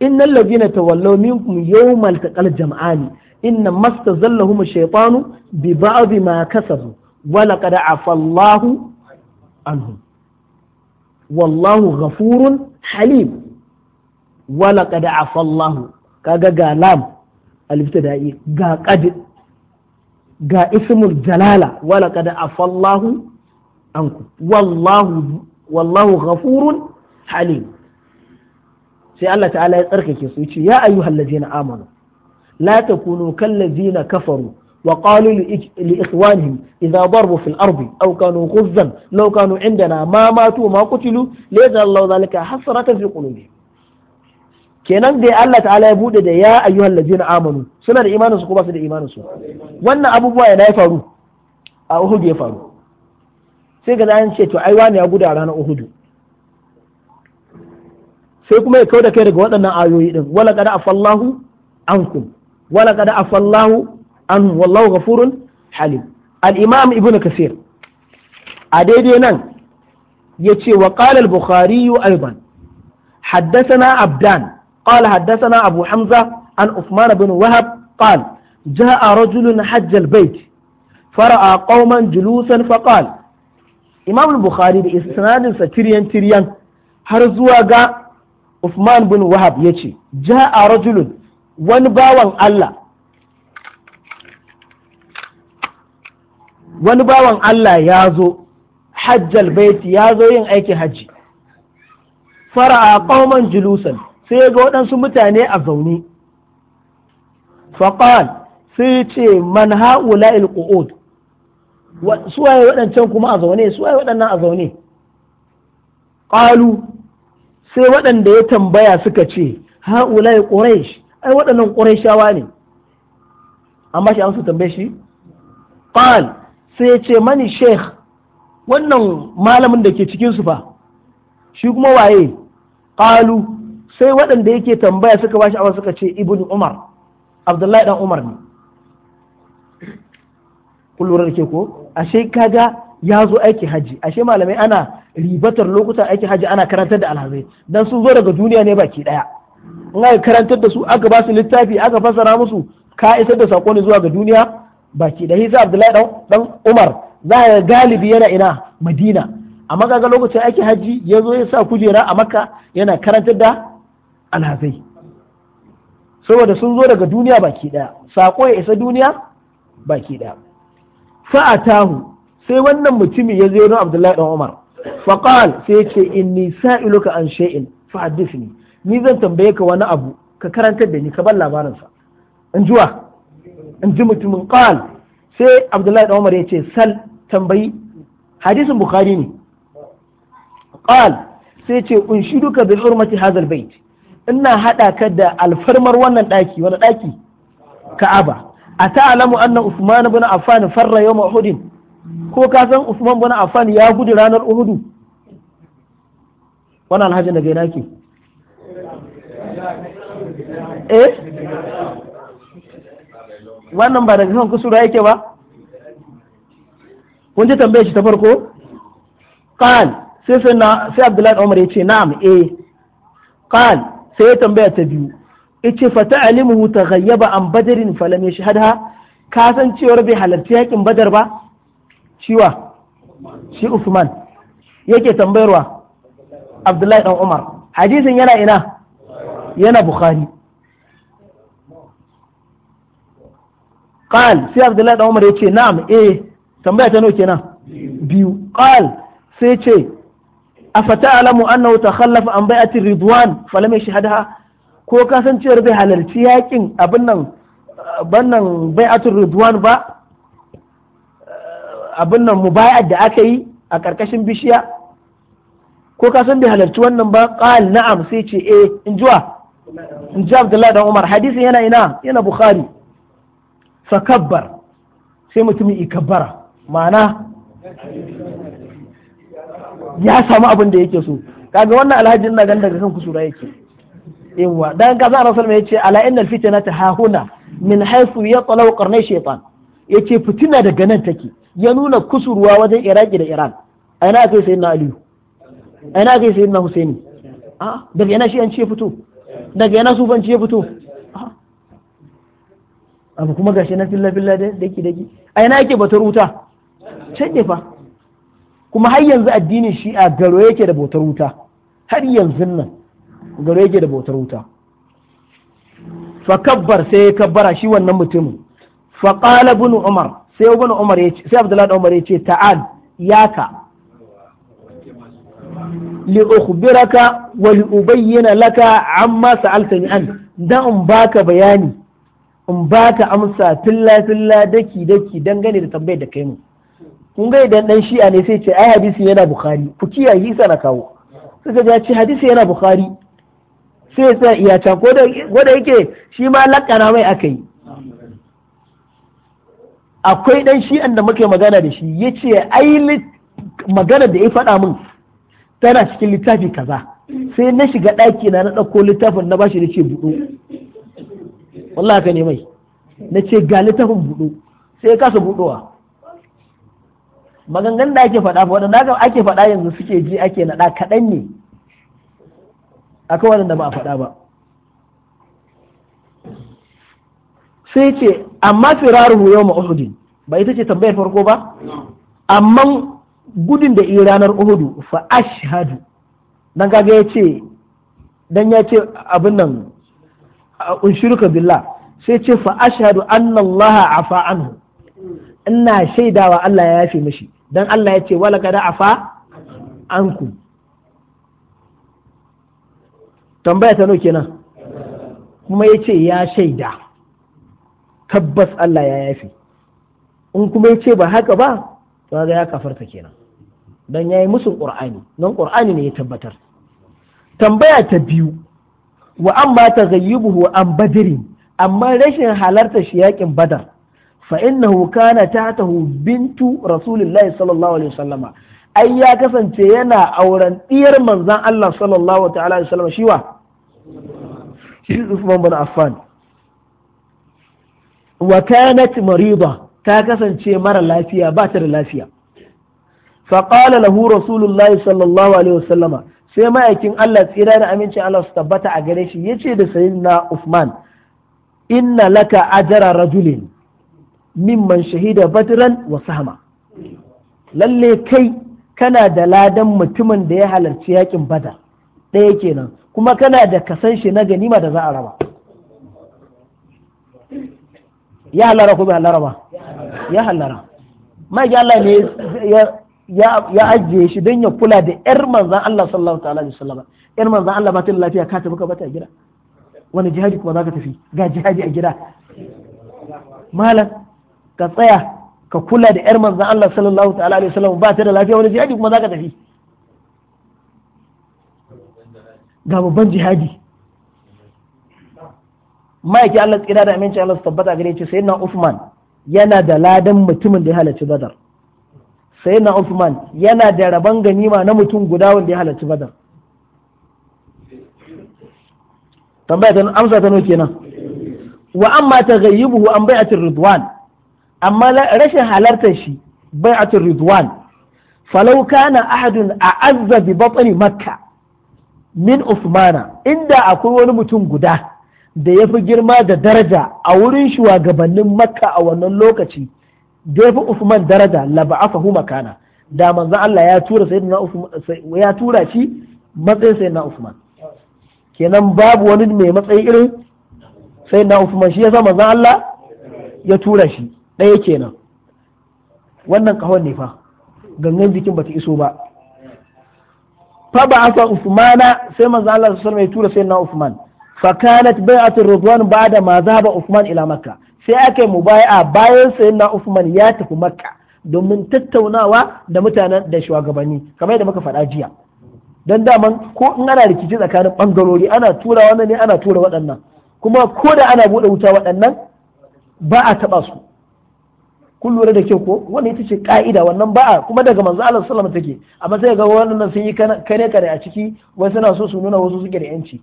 Speaker 1: innal ladina tawallaw minkum yawmal taqal jam'ani inna mastazallahum shaytanu bi ba'd ma kasabu wa laqad afallahu anhum wallahu ghafurun halim wa laqad afallahu kaga ga lam ga ismul jalala wa laqad afallahu ankum wallahu ghafurun halim sai Allah ta'ala ya tsarkake su ya ayyuhallazina amanu لا تكونوا كالذين kafaru وقالوا لإخوانهم إذا ضربوا في الأرض أو كانوا غزا لو كانوا عندنا ما ماتوا ما قتلوا ليس الله ذلك حسرة في قلوبهم kenan dai Allah ta'ala ya bude da ya ayyuhal ladina amanu suna da imanin su ko ba su da imanin su wannan abubuwa yana ya faru a Uhud ya faru sai ga an ce to ai wani ya guda ranar Uhud sai kuma ya kauda kai daga waɗannan ayoyi din wala qad afallahu ankum wala kada afallahu an wallahu ghafurun halim al-imam ibnu kasir a daidai nan yace wa qala al-bukhari aidan حدثنا عبدان قال حدثنا أبو حمزة عن عثمان بن وهب قال جاء رجل حج البيت فرأى قوما جلوسا فقال إمام البخاري بإسناد ستريان تريان هرزوا عثمان بن وهب يتي جاء رجل wani bawan Allah wani bawan Allah ya zo hajjal baiti ya zo yin aikin hajji fara'a qauman julusan sai ya ga waɗansu mutane a zaune faqal sai ce man haula il qu'ud suwaye waɗancan kuma a zaune suwaye waɗannan a zaune qalu sai waɗanda ya tambaya suka ce haula quraish ai waɗannan ƙurayshawa ne amma shi an su tambaye shi qal sai ya ce mani sheikh wannan malamin da ke cikin su fa shi kuma waye qalu sai waɗanda yake tambaya suka bashi awa suka ce ibnu umar abdullahi dan umar ne da ke ko ashe kaga ya zo aiki haji ashe malamai ana ribatar lokutan aiki hajji ana karantar da alhazai dan sun zo daga duniya ne baki ɗaya. in aka karantar da su aka ba su littafi aka fassara musu ka isar da sako ne zuwa ga duniya baki da hisa abdullahi dan umar za ga galibi yana ina madina amma kaga lokacin ake haji ya zo ya sa kujera a makka yana karantar da alhazai saboda sun zo daga duniya baki daya sako ya isa duniya baki daya fa'atahu sai wannan mutumin ya zo na abdullahi dan umar faqal sai ya ce inni sa'iluka an shay'in fa'addithni ni zan tambaye ka wani abu ka karantar da ni ka bar labarinsa in jiwa in ji mutumin qal sai abdullahi da umar ya ce sal tambayi hadisin bukhari ne qal sai ce unshiduka bi hurmati hadha bait ina hada ka da alfarmar wannan daki wani daki ka'aba a alamu anna usman ibn affan farra yawm uhud ko ka san usman ibn affan ya gudu ranar uhud wannan alhaji daga yana ke eh wannan ba daga kan kusura yake ba kun ji tambaye shi ta farko qal sai sai abdullahi umar ya ce na'am eh qal sai ya tambaya ta biyu yace fa ta'limuhu taghayyaba an badrin lam yashhadha ka san cewar bai halarci yakin badar ba ciwa shi usman yake tambayarwa abdullahi dan umar hadisin yana ina yana bukhari qal sai abdullahi dan umar yace na'am eh tambaya ta nawa kenan biyu qal sai ce a annahu takhallafa an bai'ati ridwan falam yashhadaha ko kasancewar bai halarci yakin abin nan bannan bai'atul ridwan ba abin nan mubayar da aka yi a ƙarƙashin bishiya ko ka san bai halarci wannan ba qal na'am sai ce eh in jiwa in ji abdullahi dan umar hadisin yana ina yana bukhari fakabbar sai mutumin ikabbara ma'ana
Speaker 2: ya samu abin
Speaker 1: da yake so kaga wannan alhaji ina gan daga kan kusura yake yawa dan kaza annabi rasul alaihi wasallam ala innal fitna hahuna min haythu yatlaw qarnay shaytan yace fitina daga nan take ya nuna kusurwa wajen iraki da iran aina kai sayyidina aliyu aina kai sayyidina husaini a daga yana shi an ce fito daga yana sufanci ya fito abu kuma gashi na filla filla da daki daki a yana yake bautar wuta can ne fa kuma har yanzu addinin shi a garo yake da bautar wuta har yanzu nan garo yake da bautar wuta fa sai ya kabbara shi wannan mutumin fa qala umar sai ibn umar yace sai abdullahi umar yace ta'al ka li ukhbiraka wa li ubayyana laka amma sa'altani dan in baka bayani in baka amsa filla filla daki daki dangane da tambayar da kai mu kun ga idan dan shi'a ne sai ce ai hadisi yana bukhari ku kiyaye sa na kawo sai ka ce hadisi yana bukhari sai ya tsaya iya can ko da yake shi ma lakana mai aka akwai dan shi'an da muke magana da shi yace ai magana da ya faɗa min tana cikin littafi kaza sai na shiga ɗaki na na ɗauko littafin na bashi na ce buɗo wallah ka ne mai na ce ga littafin buɗo sai ya kasa buɗowa magangan da ake faɗa waɗanda ake faɗa yanzu suke ji ake naɗa kaɗan ne akwai waɗanda ba a faɗa ba sai ce amma firaruhu yau ma ba ita ce tambayar farko ba amma gudun da iya ranar uhudu fa ashhadu dan kaga ya ce dan ya ce abin nan unshirka billah sai ce fa ashhadu anna Allah afa anhu ina shaidawa Allah ya yafe mishi dan Allah ya ce wala kada afa anku tambaya ta nawa kenan kuma ya ce ya shaida tabbas Allah ya yafe in kuma ya ce ba haka ba to ga ya kafarta kenan dan yayi musun ƙur'ani nan qur'ani ne ya tabbatar tambaya ta biyu wa amma taghayyubuhu an badrin amma rashin halarta shi yakin badar fa innahu kana tahtahu bintu rasulillahi sallallahu alaihi wasallama ai ya kasance yana auren diyar manzon Allah sallallahu ta'ala alaihi wasallama shi wa shi Uthman bin Affan wa kanat marida ta kasance mara lafiya ba ta da lafiya faƙala lahu rasulullahi sallallahu alaihi sallama sai ma'aikin Allah tsira da amincin Allah su tabbata a gare shi ya ce da na Uthman inna laka ajara rajulin mimman shahida badran wa sahama lalle kai kana da ladan mutumin da ya halarci yakin badar ɗaya kenan kuma kana da kasan shi na ganima da za a raba ya halara ko bai halara ba ya halara ma Allah ne ya ajiye shi don ya kula da yar manzan Allah sallallahu ta'ala alaihi wasallam yar manzan Allah ba ta lafiya ka tafi ka bata gida wani jihadi kuma za ka tafi ga jihadi a gida malam ka tsaya ka kula da yar manzan Allah sallallahu ta'ala alaihi wasallam ba ta da lafiya wani jihadi kuma za ka tafi ga babban jihadi ma'aiki Allah tsira da aminci Allah su tabbata gare shi sai na Uthman yana da ladan mutumin da ya halarci Badar sai na Uthman yana da rabon ganima na mutum guda wanda ya halarci badar tambaya ta amsa ta nuke nan wa amma bai an bai'atir ridwan amma rashin halartar shi bai bai'atir ridwan falau kana ahadun a'azza bi batni makka min Uthmana inda akwai wani mutum guda da ya fi girma da daraja a wurin shugabannin makka a wannan lokaci da Usman daraja la ba'athahu makana da manzo Allah ya tura sayyidina Usman ya tura shi matsayin sayyidina Usman kenan babu wani mai matsayi irin sayyidina Usman shi yasa manzo Allah ya tura shi ɗaya kenan wannan kahon ne fa gangan jikin bata iso ba fa ba asa Usmana sai manzo Allah ya tura sayyidina Usman fa kanat bai'atu ba da ma zaba Usman ila Makka sai aka yi mubaya bayan na Usman ya tafi Makka domin tattaunawa da mutanen da shugabanni kamar yadda muka faɗa jiya don daman ko in ana rikici tsakanin bangarori ana tura wannan ne ana tura waɗannan kuma ko da ana buɗe wuta waɗannan ba a taɓa su kun da kyau ko wannan ita ce ka'ida wannan ba'a kuma daga manzo Allah sallallahu alaihi wasallam take amma sai ga wannan sun yi kane kare a ciki wai suna so su nuna wasu suke da yanci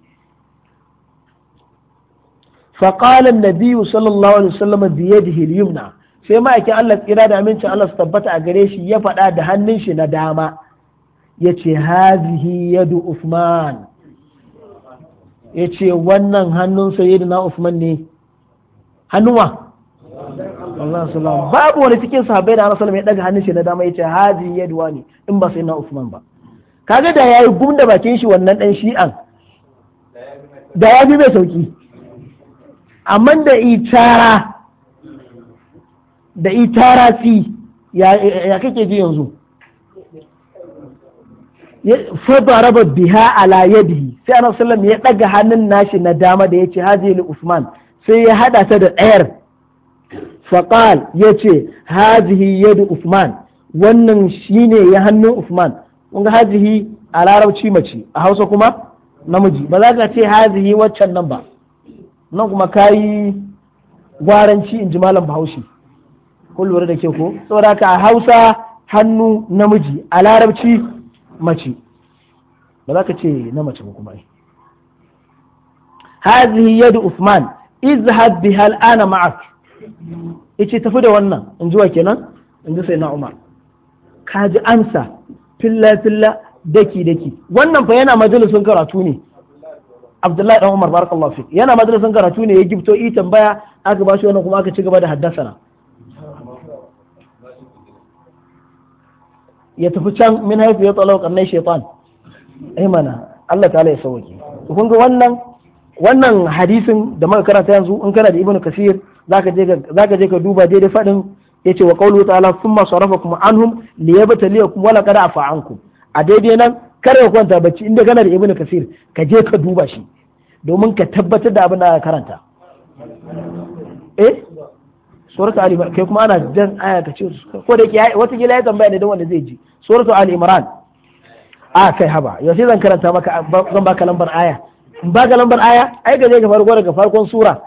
Speaker 1: فقال النبي صلى الله عليه وسلم بيده اليمنى sai ma'aikin Allah tsira da amincin Allah su tabbata a gare shi ya faɗa da hannun shi na dama ya ce hazihi yadu Uthman ya ce wannan hannun sayyidina Uthman ne hannuwa babu wani cikin sahabbai da Rasul ya daga hannun shi na dama ya ce hazihi yadu wani in ba sayyidina Uthman ba kaga da yayi gumda bakin shi wannan dan shi'an da ya bi mai sauki amma da itara da itara fi ya kake ji yanzu fadaraba biha ala yadihi sai annabi sallam ya daga hannun nashi na dama da yace haji li usman sai ya hada ta da ɗayar faqal yace hajihi yadu usman wannan shine ya hannun usman kun ga hajihi a larabci mace a hausa kuma namiji ba za ka ce hajihi waccan nan ba nan kuma ka yi gwaranci in ji malam bahaushe kun lura da ke ko saboda ka a hausa hannu namiji a larabci mace ba za ka ce na mace ba kuma hazihi yadu usman izhab biha al'ana ma'ak yace tafi da wannan in ji wa kenan in ji sai na umar ka ji amsa filla filla daki daki wannan fa yana majalisun karatu ne abdullahi dan umar barakallahu fi yana madrasan karatu ne ya gifto i tambaya aka ba shi wannan kuma aka ci gaba da haddasana ya tafi can min haifi ya tsalau karnai shaitan ai eh mana Allah ta'ala ya sauke kun ga wannan wannan hadisin da muka karanta yanzu in kana da ibnu kasir zaka je zaka je ka duba daidai fadin yace wa qawlu ta'ala thumma sarafakum anhum liyabtaliyakum wa laqad afa ankum a daidai nan Kar ka kwanta bacci inda kana da ibnu kasir ka je ka duba shi domin ka tabbatar da abin da aka karanta eh suratu ali kai kuma ana jan aya ka ce ko da yake wata gila ya tambaya ne don wanda zai ji suratu ali imran a kai haba yau sai zan karanta maka zan baka lambar aya in baka lambar aya ai ka je ka farko daga farkon sura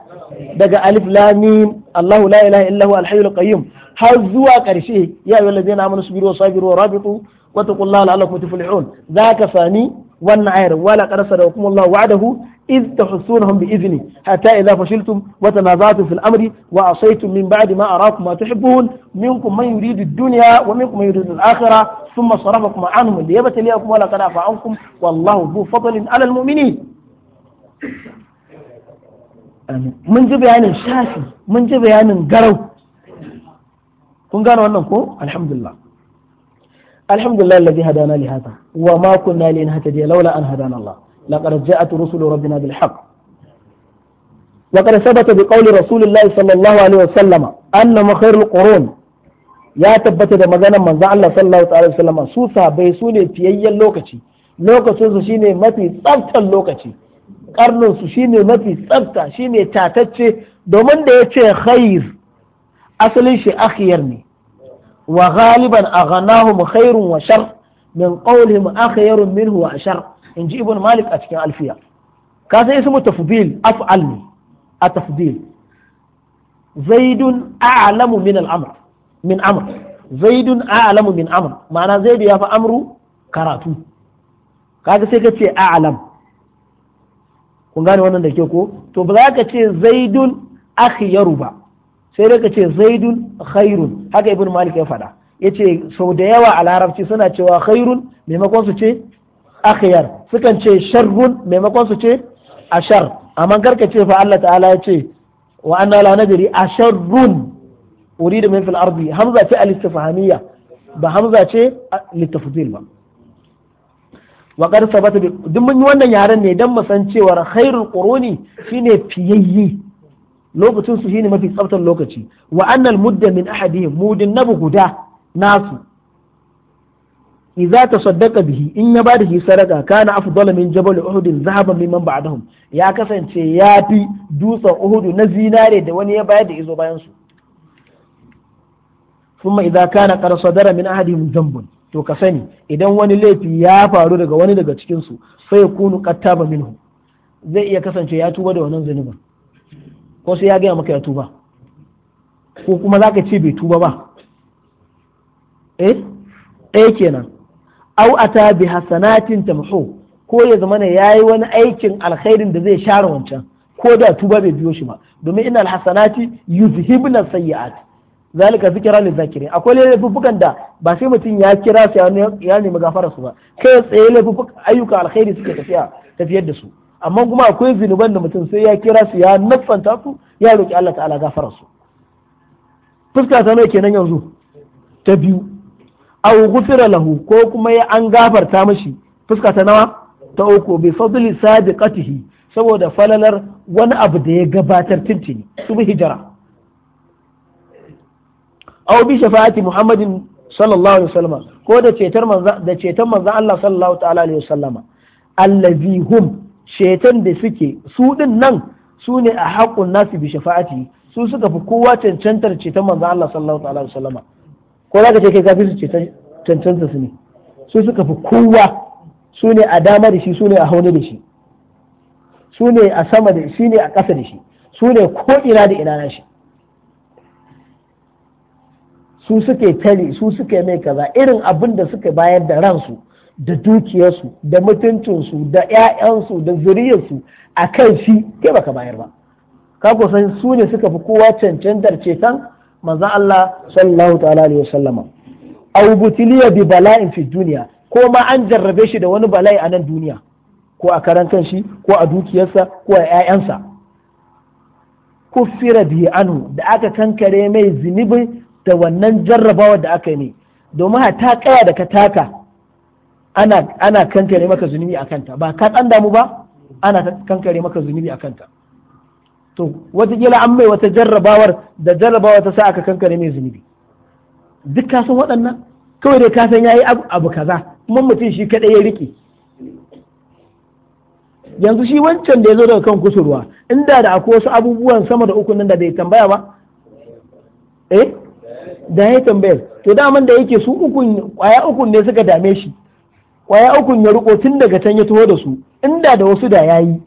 Speaker 1: daga alif lam mim allah la ilaha illa huwa al-hayyul qayyum har zuwa karshe ya ayyuhallazina amanu subiru wasabiru warabitu واتقوا الله لعلكم تفلحون ذاك ثاني والنعير ولا قد صدقكم الله وعده إذ تحسونهم بإذنه حتى إذا فشلتم وتنازعتم في الأمر وعصيتم من بعد ما أراكم ما تحبون منكم من يريد الدنيا ومنكم من يريد الآخرة ثم صرفكم عنهم ليبتليكم ولا قد عفا عنكم والله ذو فضل على المؤمنين mun ji bayanin shafi mun ji bayanin garau kun gane wannan ko alhamdulillah alhamdulillah alladhi hadana li hadha wa ma kunna linahtadiya laula an hadana Allah laqad ja'at rusulu rabbina bil وقد ثبت بقول رسول الله صلى الله عليه وسلم أن خير القرون ya tabbatar da maganar manzo Allah sallallahu alaihi wasallam su sahabbai su ne fiyayyen lokaci Lokacinsu su shine mafi tsaftan lokaci karnin su shine mafi tsafta shine tatacce domin da yace khair asalin shi akhiyar ne wa ghaliban aghnahum khairun wa shar min qawlihim akhayrun minhu wa ashar inji ibn malik a cikin alfiya ka san ismu tafdil af'al a tafdil zaidun a'lamu min al-amr min amr zaidun ma'ana ya fi amru karatu kaga sai ka ce a'lam kun gane wannan da ke ko to ba za ka ce zaidun akhyaru ba sai dai ce zaidun khairun haka ibn malik ya faɗa ya ce sau da yawa a larabci suna cewa khairun maimakon su ce akhyar sukan ce sharrun maimakon su ce ashar amma karka ce fa Allah ta'ala ya ce wa anna la nadri asharrun uridu min fil ardi hamza ce al-istifhamiyya ba hamza ce litafdil ba wa qad sabata duk mun yi wannan yaren ne dan mu san cewa khairul quruni shine fiyayyi lokacin su shine mafi tsaftar lokaci wa annal mudda min ahadihim mudin nabu guda nasu idza tasaddaqa bihi in ya bada shi sadaka kana afdal min jabal uhud zahaban mimman ba'dahum ya kasance ya fi dutsen uhud na zinare da wani ya bayar da izo bayan su kuma idza kana qad sadara min ahadihim dhanbun to ka sani idan wani laifi ya faru daga wani daga cikin su sai kunu qattaba minhu zai iya kasance ya tuba da wannan zunubin ko sai ya gaya maka ya tuba ko kuma za ka ce bai tuba ba eh eh kenan au ata bi hasanatin tamhu ko ya zama ne yayi wani aikin alkhairin da zai share wancan ko da tuba bai biyo shi ba domin innal hasanati yuzhibna sayiat zalika zikra lil zakirin akwai laifukan da ba sai mutum ya kira sai ya nemi gafara su ba kai tsaye laifukan ayyuka alkhairi suke tafiya tafiyar da su amma kuma akwai zinuban da mutum sai ya kira su ya nufanta su ya roƙi Allah ta'ala gafara su fuska ta nawa kenan yanzu ta biyu a ghufira lahu ko kuma ya an gafarta mashi fuska ta nawa ta uku bi fadli sadiqatihi saboda falalar wani abu da ya gabatar tintini su bi hijira aw bi shafa'ati muhammadin sallallahu alaihi wasallama ko da cetar manzo da cetar manzo Allah sallallahu alaihi wasallama allazi hum shetan da suke su din nan su ne a haƙun nasu bi shafa'ati su suka fi kowa cancantar ceton manzo Allah sallallahu alaihi wasallam ko za ka ce kai kafin su cancanta su ne su suka fi kowa su ne a dama da shi su ne a haune da shi su ne a sama da shi ne a ƙasa da shi su ne ko ina da ina na shi su suke tare su suke mai kaza irin abin da suka bayar da ransu da dukiyarsu da mutuncinsu da 'ya'yansu da zuriyarsu a kan shi ke baka bayar ba ka kusan su ne suka fi kowa cancantar ceton Maza Allah sallallahu ta'ala alaihi wasallama aw butiliya bi bala'in fi duniya ko ma an jarrabe shi da wani bala'i a nan duniya ko a karan kanshi ko a dukiyarsa ko a 'ya'yansa kuffira bihi anu da aka kankare mai zinubi da wannan jarrabawa da aka yi domin ha ta kaya da ka taka ana ana kankare maka zunubi a kanta ba ka tsanda mu ba ana kankare maka zunubi a kanta to wataƙila an mai wata jarrabawar da jarrabawar ta sa aka kankare mai zunubi duk ka san waɗannan kawai dai ka san yayi abu kaza kuma mutum shi kaɗai ya riƙe yanzu shi wancan da ya zo daga kan kusurwa inda da akwai wasu abubuwan sama da uku nan da bai tambaya ba eh da ya tambayar to daman da yake su ukun kwaya ukun ne suka dame shi kwaya ukun ya ruko tun daga can ya taho da su inda da wasu da yayi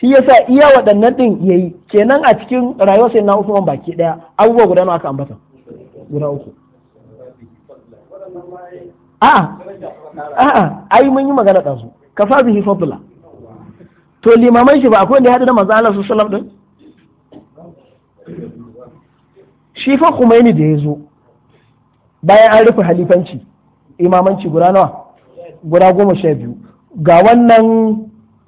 Speaker 1: shi yasa iya waɗannan din yayi kenan a cikin rayuwar sai na Usman baki daya abubuwa guda nawa aka ambata guda uku
Speaker 2: a'a a'a
Speaker 1: ai mun yi magana da su kafa bihi fadla to limaman shi ba akwai wanda ya hadu da manzo Allah sallallahu alaihi wasallam din shi fa Khomeini da ya zo bayan an rufe halifanci imamanci guda nawa guda goma sha biyu ga wannan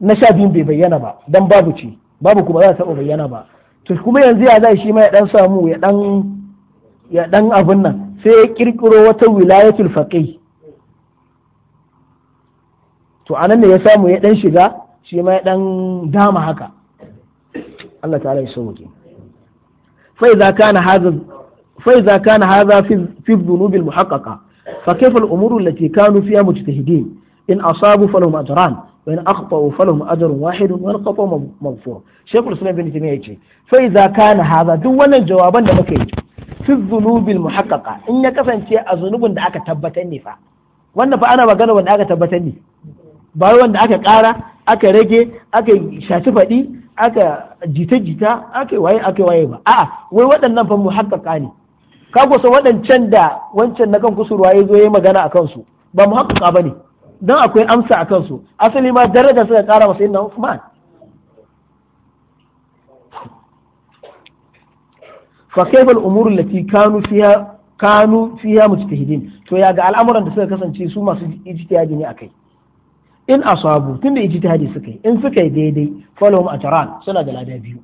Speaker 1: na sha biyun bai bayyana ba dan babu ce babu kuma za ta taɓa bayyana ba to kuma yanzu ya zai shi ma ya dan samu ya dan ya abun nan sai ya kirkiro wata wilayatul faqih to anan ne ya samu ya dan shiga shi ma ya dan dama haka Allah ta'ala ya sauke fa idza kana hadha fa idza kana fi dhunubil fa kayfa al-umuru allati kanu fiha mujtahidin in asabu falahum ajran wa in akhtau falahum ajrun wahidun wa in khata'u maghfur shaykhul islam ibn taymiyyah yace fa idza kana hadha duk wannan jawaban da muka yi fi dhunubil muhaqqaqa in ya kasance a zunubin da aka tabbatar fa wannan fa ana magana wanda aka tabbatar ne wanda aka kara, aka rage aka shaci faɗi aka jita-jita waye ba a'a wai waɗannan fa muhaqqaqa ne ka kusa waɗancan da wancan na kan kusurwa ya zo ya yi magana a kansu ba mu haƙƙa ba ne don akwai amsa a kansu asali ma daraja suka ƙara masa yin Usman fa kaifa al-umur allati kanu fiha kanu fiha mujtahidin to ya ga al'amuran da suka kasance su masu ijtihadi ne akai in asabu tunda ijtihadi suka yi in suka yi daidai falahum ajran suna da lada biyu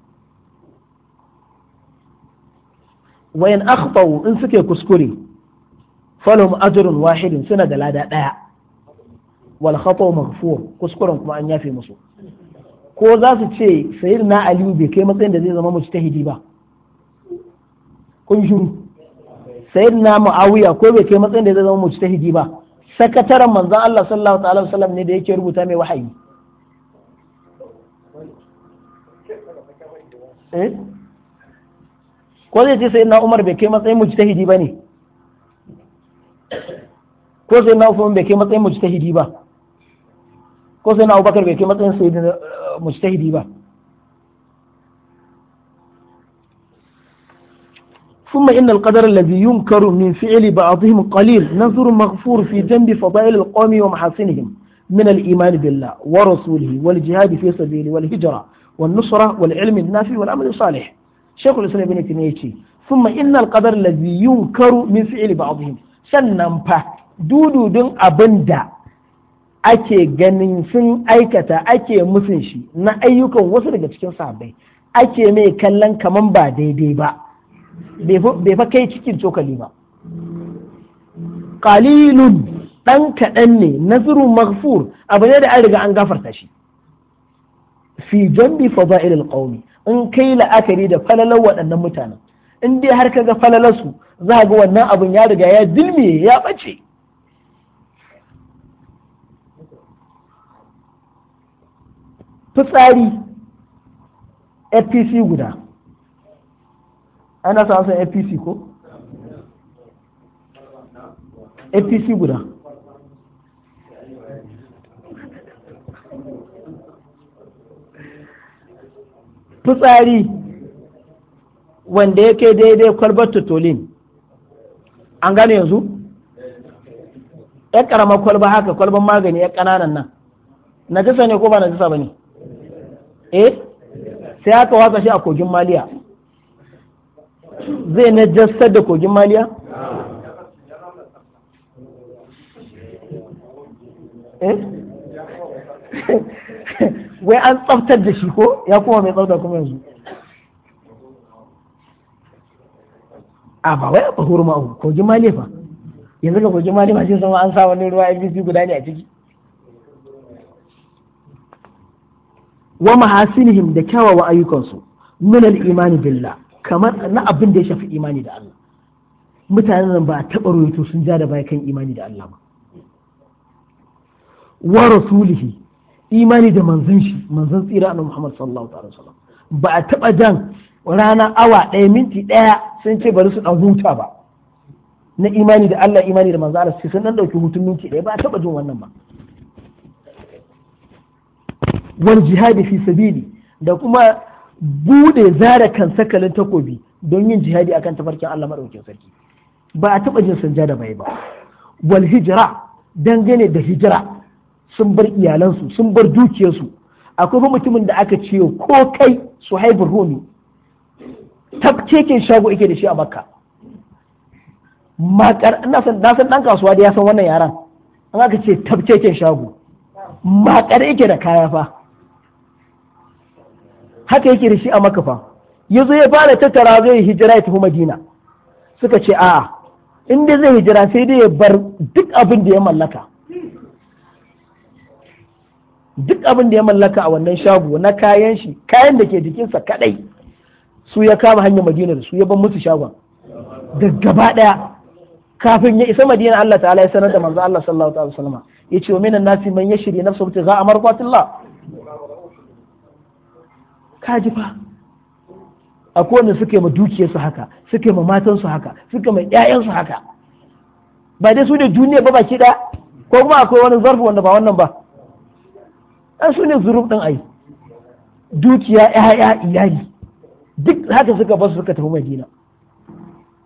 Speaker 1: wayan akhtawu in suke kuskure falum ajrun wahidin suna da lada daya wal khata maghfur kuskuren kuma an yafe musu ko za su ce sayyidina ali bai kai matsayin da zai zama mujtahidi ba kun shiru sayyidina muawiya ko bai kai matsayin da zai zama mujtahidi ba sakataren manzon Allah sallallahu alaihi wasallam ne da yake rubuta mai wahayi eh ko zai ce sai na umar bai kai matsayin mujtahidi ba ne ko sai na ufuman bai kai matsayin mujtahidi ba ko sai na abubakar bai kai matsayin sai eh, mujtahidi ba ثم إن القدر الذي ينكر من فعل بعضهم قليل نذر مغفور في جنب فضائل القوم ومحاسنهم من الإيمان بالله ورسوله والجهاد في سبيله والهجرة والنصرة والعلم النافي والعمل الصالح shekul bin ibn ya yace thumma innal qadar ladhi yunkaru min fi'li ba'dihim sannan fa dududun da ake ganin sun aikata ake musun shi na ayyukan wasu daga cikin sahabbai ake mai kallon kaman ba daidai ba bai fa kai cikin cokali ba Ƙalilun dan kaɗan ne nazirun maghfur abu ne da an riga an gafarta shi fi jambi fada'il alqawmi in kai la'akari da falalar waɗannan mutanen in dai har kaga falalar su za ga wannan abun ya riga ya dilme ya bace fitsari fpc guda ana sa fpc ko
Speaker 2: fpc guda
Speaker 1: fitsari wanda yake daidai kwalbar tutolin an gane yanzu ya karama kwalba haka kwalban magani ya kananan nan na jisa ne ko ba na jisa ba ne eh sai aka watsa shi a kogin maliya zai na jassar da kogin maliya eh wai an tsaftar da shi ko ya kuma mai tsafta kuma yanzu a ba wai ba hurma ma'u kogin male fa yanzu ga kogin male ma sai sama an sa wani ruwa fi guda ne a ciki wa mahasinihim da kyawawan ayyukansu min al-imani billah kamar na abin da ya shafi imani da Allah mutanen nan ba a taɓa rohoto sun ja da bayan kan imani da Allah ba wa rasulihi imani da manzan shi manzan tsira na Muhammad sallallahu alaihi wasallam ba a taba jan rana awa ɗaya minti ɗaya sun ce bari su ɗan huta ba na imani da Allah imani da manzan Allah sai sun dan dauki hutun minti ɗaya ba a taba jin wannan ba wal jihadi fi sabili da kuma bude zara kan sakalin takobi don yin jihadi akan tafarkin Allah madaukakin sarki ba a taba jin sanja da bai ba wal hijra dangane da hijira sun bar iyalansu sun bar dukiyarsu akwai ba mutumin da aka ce ko kai su haifar rumi tafkeken shago yake da shi a makka makar na san dan kasuwa da ya san wannan yaran an aka ce tafkeken shago makar yake da kaya fa haka yake da shi a makka fa zo ya fara tattara zai hijira ya tafi madina suka ce a'a in dai zai hijira sai dai ya bar duk abin da ya mallaka duk abin da ya mallaka a wannan shago na kayan shi kayan da ke jikinsa kadai su ya kama hanyar madinar su ya ban musu shagon da gaba daya kafin ya isa madina Allah ta'ala ya sanar da manzo Allah sallallahu alaihi wasallam ya ce wa minan nasi man yashri nafsuhu tigha Ka kaji fa akwai wanda suke ma dukiyarsu haka suke ma matansu haka suke ma ƴaƴansu haka ba dai su ne duniya ba baki da ko kuma akwai wani zarfi wanda ba wannan ba an su ne zurub ɗin ai dukiya ya'ya iyali duk haka suka basu suka tafi madina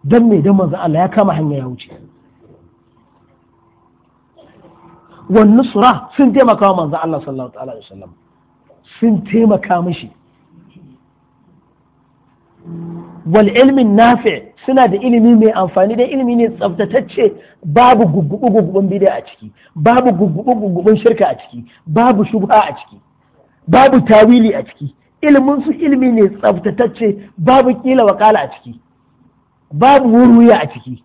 Speaker 1: don me don manzan Allah ya kama hanya ya wuce wannan sura sun taimaka wa Allah sallallahu alaihi wasallam sun taimaka mishi wal ilmin nafi suna da ilimi mai amfani da ilimi ne tsaftatacce babu gugubu gugubun bid'a a ciki babu gugubu gugubun shirka a ciki babu shubha a ciki babu tawili a ciki ilimin su ilimi ne tsaftatacce babu kila wakala a ciki babu wuruya a ciki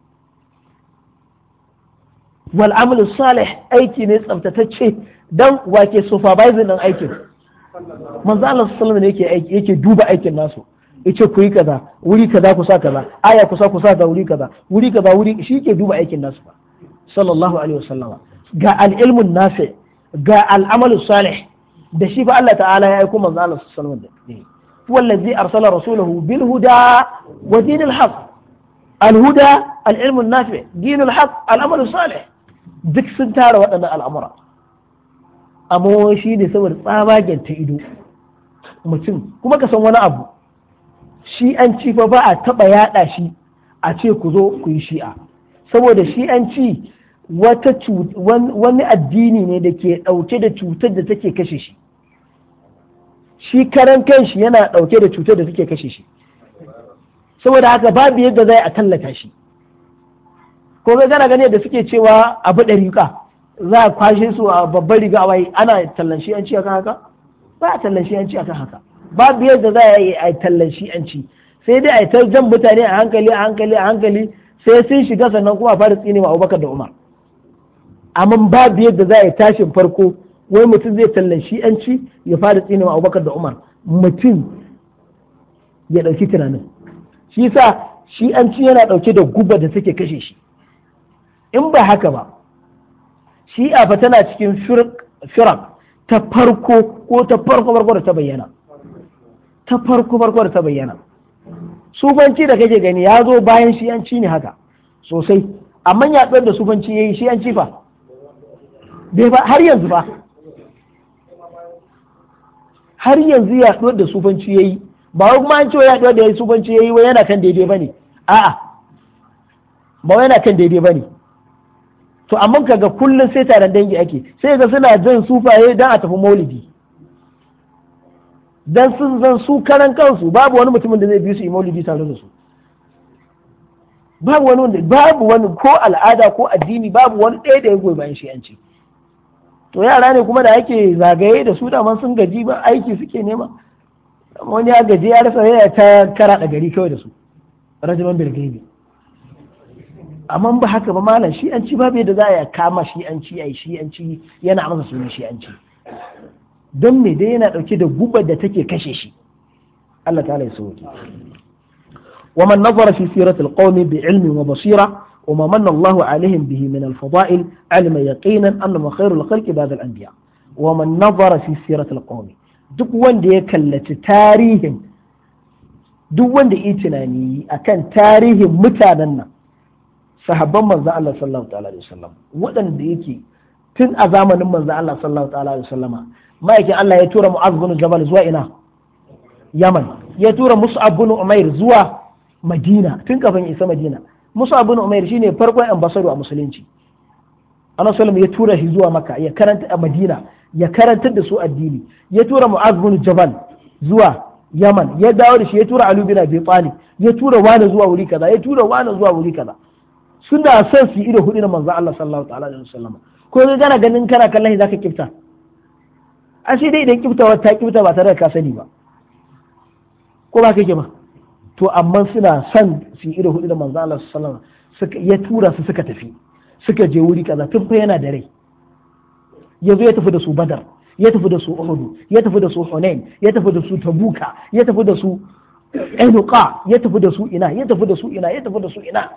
Speaker 1: wal amalu salih aiki ne tsaftatacce dan wake supervising din aikin manzo Allah sallallahu alaihi wasallam yake duba aikin nasu yace ku yi kaza wuri kaza ku sa kaza aya ku sa ku sa da wuri kaza wuri kaza wuri shi ke duba aikin nasu ba sallallahu alaihi wasallama ga al'ilmun ilmun nafi ga al'amalu amalu salih da shi fa Allah ta'ala ya aiko manzo Allah sallallahu alaihi wasallam wallazi arsala rasulahu bil huda wa dinil haqq al huda al ilmun nafi dinil haqq al amalu salih duk sun tara waɗannan al'amura amma shi ne saboda tsabagen ta ido mutum kuma ka san wani abu shi'anci fa ba a taɓa yaɗa shi a ce ku zo ku yi shi'a saboda shi'anci wani addini ne da ke ɗauke da cutar da take kashe shi shi karan kanshi yana ɗauke da cutar da take kashe shi saboda haka babu yadda zai a tallata shi ko ga gana gane da suke cewa abu ɗari ka za a kwashe su a babbar riga wai ana tallan shi'anci akan haka ba a tallan shi'anci akan haka babu yadda za a yi a tallan shi'anci sai dai a yi jan mutane a hankali a hankali a hankali sai sun shiga sannan kuma a fara tsini ma Abubakar da Umar amma babu yadda za a yi tashin farko wai mutum zai tallan shi'anci ya fara tsini ma Abubakar da Umar mutum ya ɗauki tunanin shi yasa shi'anci yana ɗauke da guba da take kashe shi in ba haka ba shi'a fa tana cikin firak ta farko ko ta farko farko da ta bayyana ta farko farko da ta bayyana sufanci da kake gani ya zo bayan shiyanci ne haka sosai amma yaɗuwar da sufanci ya yi shiyanci fa bai ba har yanzu ba har yanzu yaɗuwar da sufanci ya yi ba wai kuma an ce yaɗuwar da ya yi sufanci ya yi wai yana kan daidai ba ne a'a ba wai yana kan daidai ba ne to amma kaga kullum sai taron dangi ake sai ga suna jan sufaye dan a tafi maulidi dan sun zan su karan kansu babu wani mutumin da zai bi su imolidi tare da su babu wani babu wani ko al'ada ko addini babu wani ɗaya da ya goyi bayan shi'anci to yara ne kuma da ake zagaye da su daman sun gaji ba aiki suke nema wani ya gaji ya rasa yaya ta kara da gari kawai da su rajiman birgini amma ba haka ba malam shi'anci babu yadda za a kama shi'anci ai shi'anci yana masa sunan shi'anci don me dai yana ɗauke da gubar da take kashe shi Allah ta'ala ya sauke wa man nazara fi siratil qaumi bi ilmin wa basira wa manna Allahu alaihim bihi min al alima yaqinan anna ma khairul khalqi ba'da al anbiya wa man nazara fi siratil qaumi duk wanda ya kallaci tarihin duk wanda yi akan tarihin mutanen nan sahabban manzon Allah sallallahu ta'ala alaihi wasallam waɗanda yake tun a zamanin Allah ma'aikin Allah ya tura Mu'az bin Jabal zuwa ina Yaman ya tura Mus'ab bin Umair zuwa Madina tun kafin isa Madina Mus'ab bin Umair shine farkon ambassador a musulunci Annabi sallallahu ya tura shi zuwa Makka ya karanta a Madina ya karantar da su addini ya tura Mu'az bin Jabal zuwa Yaman ya dawo da shi ya tura Ali bin Abi Talib ya tura wani zuwa wuri kaza ya tura wani zuwa wuri kaza suna son su ido hudu na manzo Allah sallallahu alaihi wasallam ko ga gana ganin kana kallon zaka kifta an sai dai idan kibtawa ta kibta ba tare da ka sani ba ko ba kake ba to amma suna son su yi irin hudu da manzo Allah sallallahu alaihi ya tura su suka tafi suka je wuri kaza tun fa yana da rai yanzu ya tafi da su badar ya tafi da su uhudu ya tafi da su hunain ya tafi da su tabuka ya tafi da su enuqa ya tafi da su ina ya tafi da su ina ya tafi da su ina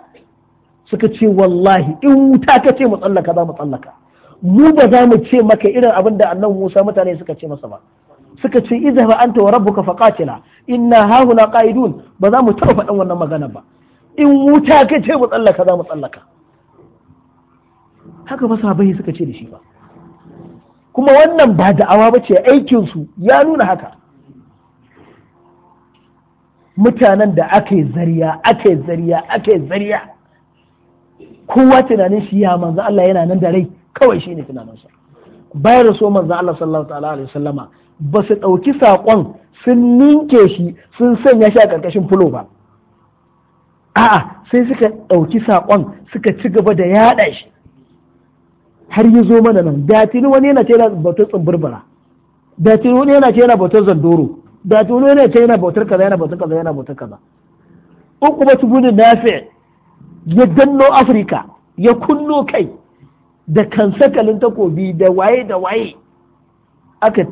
Speaker 1: suka ce wallahi in wuta ka ce mu tsallaka za mu tsallaka mu ba za mu ce maka irin abin da annan Musa mutane suka ce masa ba suka ce izhaba anta wa rabbuka faqatila inna hahuna qa'idun ba za mu taɓa faɗan wannan magana ba in wuta ka ce mu tsallaka za mu tsallaka haka ba sahabbai suka ce da shi ba kuma wannan ba da'awa ba ce aikin su ya nuna haka mutanen da aka yi zariya aka yi zariya aka yi zariya kowa tunanin shi ya manzo Allah yana nan da rai kawai shine tunaninsa bayan rasuwar manzan Allah sallallahu ta'ala alaihi wasallama ba su ɗauki saƙon sun ninke shi sun sanya shi a ƙarƙashin fulo ba a'a sai suka ɗauki saƙon suka ci gaba da yaɗa shi har yi zo mana nan da tuni wani yana cewa yana bautar tsumburbura da tuni wani yana cewa yana bautar zandoro da tuni wani yana ce yana bautar kaza yana bautar kaza yana bautar kaza uku ba su gudun nafi ya danno afirka ya kunno kai da kansakalin takobi da waye da waye aka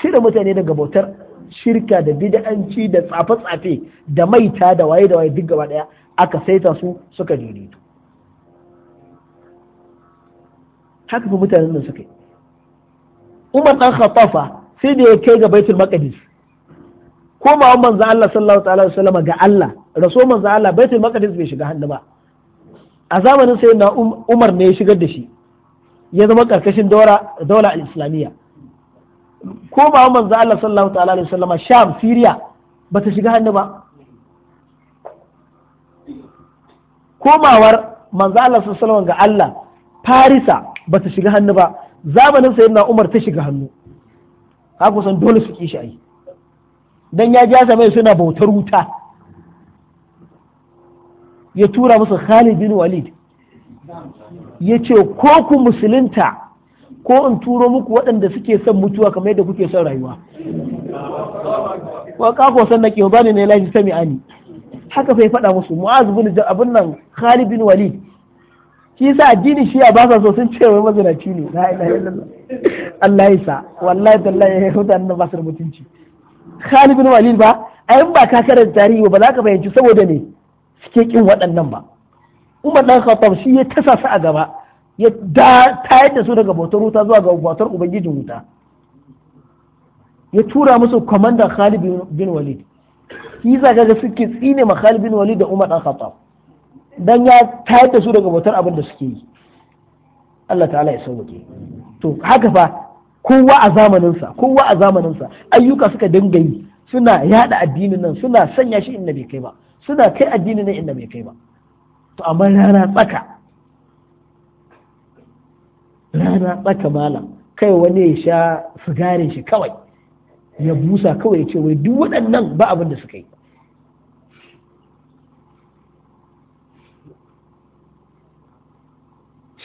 Speaker 1: cire mutane daga bautar shirka da bid'anci da tsafe-tsafe da maita da waye da waye duk gaba daya aka saita su suka to haka fa mutanen nan suka yi Umar dan Khattafa sai da ya kai ga Baitul Maqdis koma manzo Allah sallallahu ta'ala alaihi wasallam ga Allah raso manzo Allah Baitul Maqdis bai shiga hannu ba a zamanin sai na um-, Umar ne ya shigar da shi ya zama karkashin daula al-islamiyya ko ba manzo Allah sallallahu ta'ala alaihi wasallama sham ba ta shiga hannu ba komawar manzo Allah sallallahu ga Allah Farisa ba ta shiga hannu ba zamanin sayyidina Umar ta shiga hannu haka san dole su kishi ai dan ya jasa mai suna bautar wuta ya tura musu Khalid bin Walid ya ce ko ku musulunta ko in turo muku waɗanda suke son mutuwa kamar yadda kuke son rayuwa wa kako san na kiyo bani ne lahi sami ani haka fa ya faɗa musu mu'az bin abin nan khalid bin walid shi sa addini shi ba sa so sun ce wai mazinaci ne la ilaha illallah Allah yasa wallahi tallahi ya huta ba basir mutunci khalid bin walid ba ayin ba ka karanta tarihi ba za ka fahimci saboda ne suke kin waɗannan ba umar dan khattab shi ya tasa su a gaba ya tayar da su daga bautar wuta zuwa ga bautar ubangijin wuta ya tura musu kwamandan Khalid bin Walid shi za ga suke tsine ma Khalid bin Walid da Umar dan Khattab dan ya tayar da su daga bautar abin da suke yi Allah ta'ala ya sauke to haka fa kowa a zamanin sa kowa a zamanin sa ayyuka suka dinga yi suna yada addinin nan suna sanya shi inda bai kai ba suna kai addinin nan inda bai kai ba to amma rana tsaka rana tsaka malam kai wani ya sha sigarin shi kawai ya busa kawai ya ce wai duk waɗannan ba abin da suka yi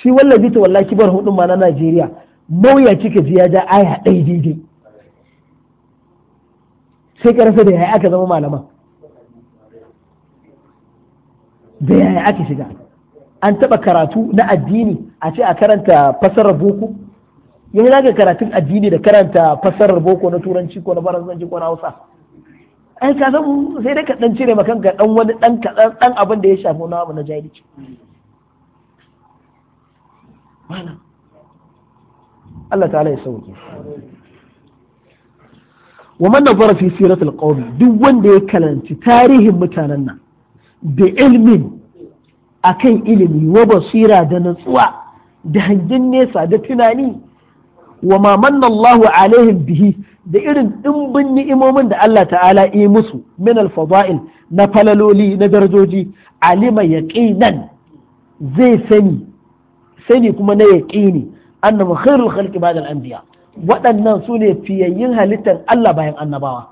Speaker 1: shi wallafi ta wallahi kibar hudun ma na Najeriya mawuya kika ji ya ja aya ɗaya daidai sai ka rasa da yaya aka zama malaman da yaya ake shiga an taɓa karatu na addini a ce a karanta fasarar boko yanzu za karatun addini da karanta fasarar boko na turanci ko na faransanci ko na hausa ai ka san sai dai ka dan cire maka ga dan wani dan kadan dan abin da ya shafi na abu na jahilci mana Allah ta'ala ya sauke wa man nazara fi siratil qawmi duk wanda ya kalanci tarihin mutanen nan da ilmin akan ilimi wa basira da natsuwa da hangen nesa da tunani wa Maman Allahu alaihim bihi da irin dimbin ni'imomin da Allah ta'ala yi musu min al na falaloli na darajoji alima yaqinan zai sani sani kuma na yaqini anna khairul khalqi ba'da al-anbiya waɗannan su ne fiyayyin halittar Allah bayan annabawa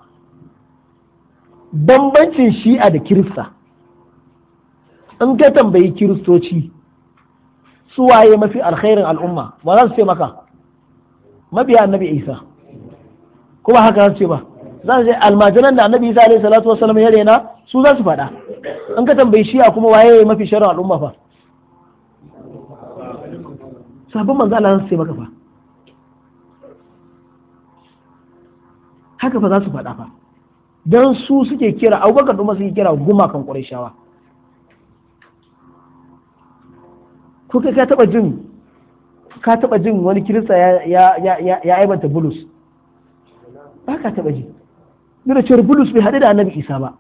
Speaker 1: bambancin shi'a da kirista in ka tambayi kiristoci su waye mafi alkhairin al'umma ba za su ce maka mabiya annabi isa Kuma haka zan su ce ba za su ce almajiran da annabi isa alaihi salatu wasallam ya rena su za su faɗa in ka tambayi shi'a kuma waye mafi sharar al'umma fa sabon manzo Allah za su ce maka fa haka fa za su faɗa fa dan su suke kira abubakar kuma suke kira gumakan ƙurashawa ko kai ka taba jin ka taba jin wani kirista ya aibanta bulus ba ka taba ji da cewar bulus bai haɗu da annabi isa ba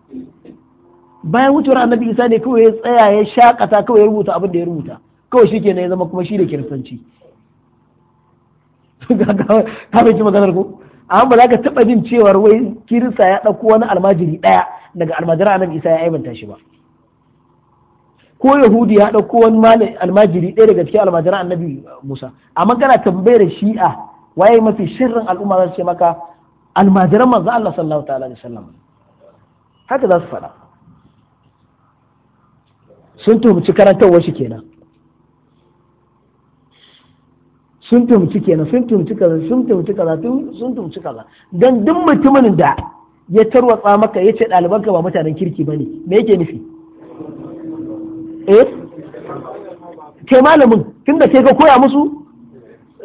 Speaker 1: bayan wucewar annabi isa ne kawai ya tsaya ya shakata kawai ya rubuta abin da ya rubuta kawai shi kenan ya zama kuma shi da kiristanci ka bai ci maganar ko amma ba za ka taba jin cewar wai kirista ya ɗauko wani almajiri ɗaya daga almajiran annabi isa ya aibanta shi ba ko yahudi ya ɗauko wani almajiri ɗaya daga cikin almajiran annabi musa amma kana tambayar shi'a waye mafi shirin al'umma za su ce maka almajiran manzo Allah sallallahu ta'ala alaihi wasallam haka za su faɗa sun tuhumci karantarwar shi kenan sun tuhumci kenan sun tuhumci kaza sun tuhumci kaza sun tuhumci kaza dan duk mutumin da ya tarwatsa maka ya ce ɗalibanka ba mutanen kirki bane me yake nufi Eh? ke malamin tunda ke ka koya musu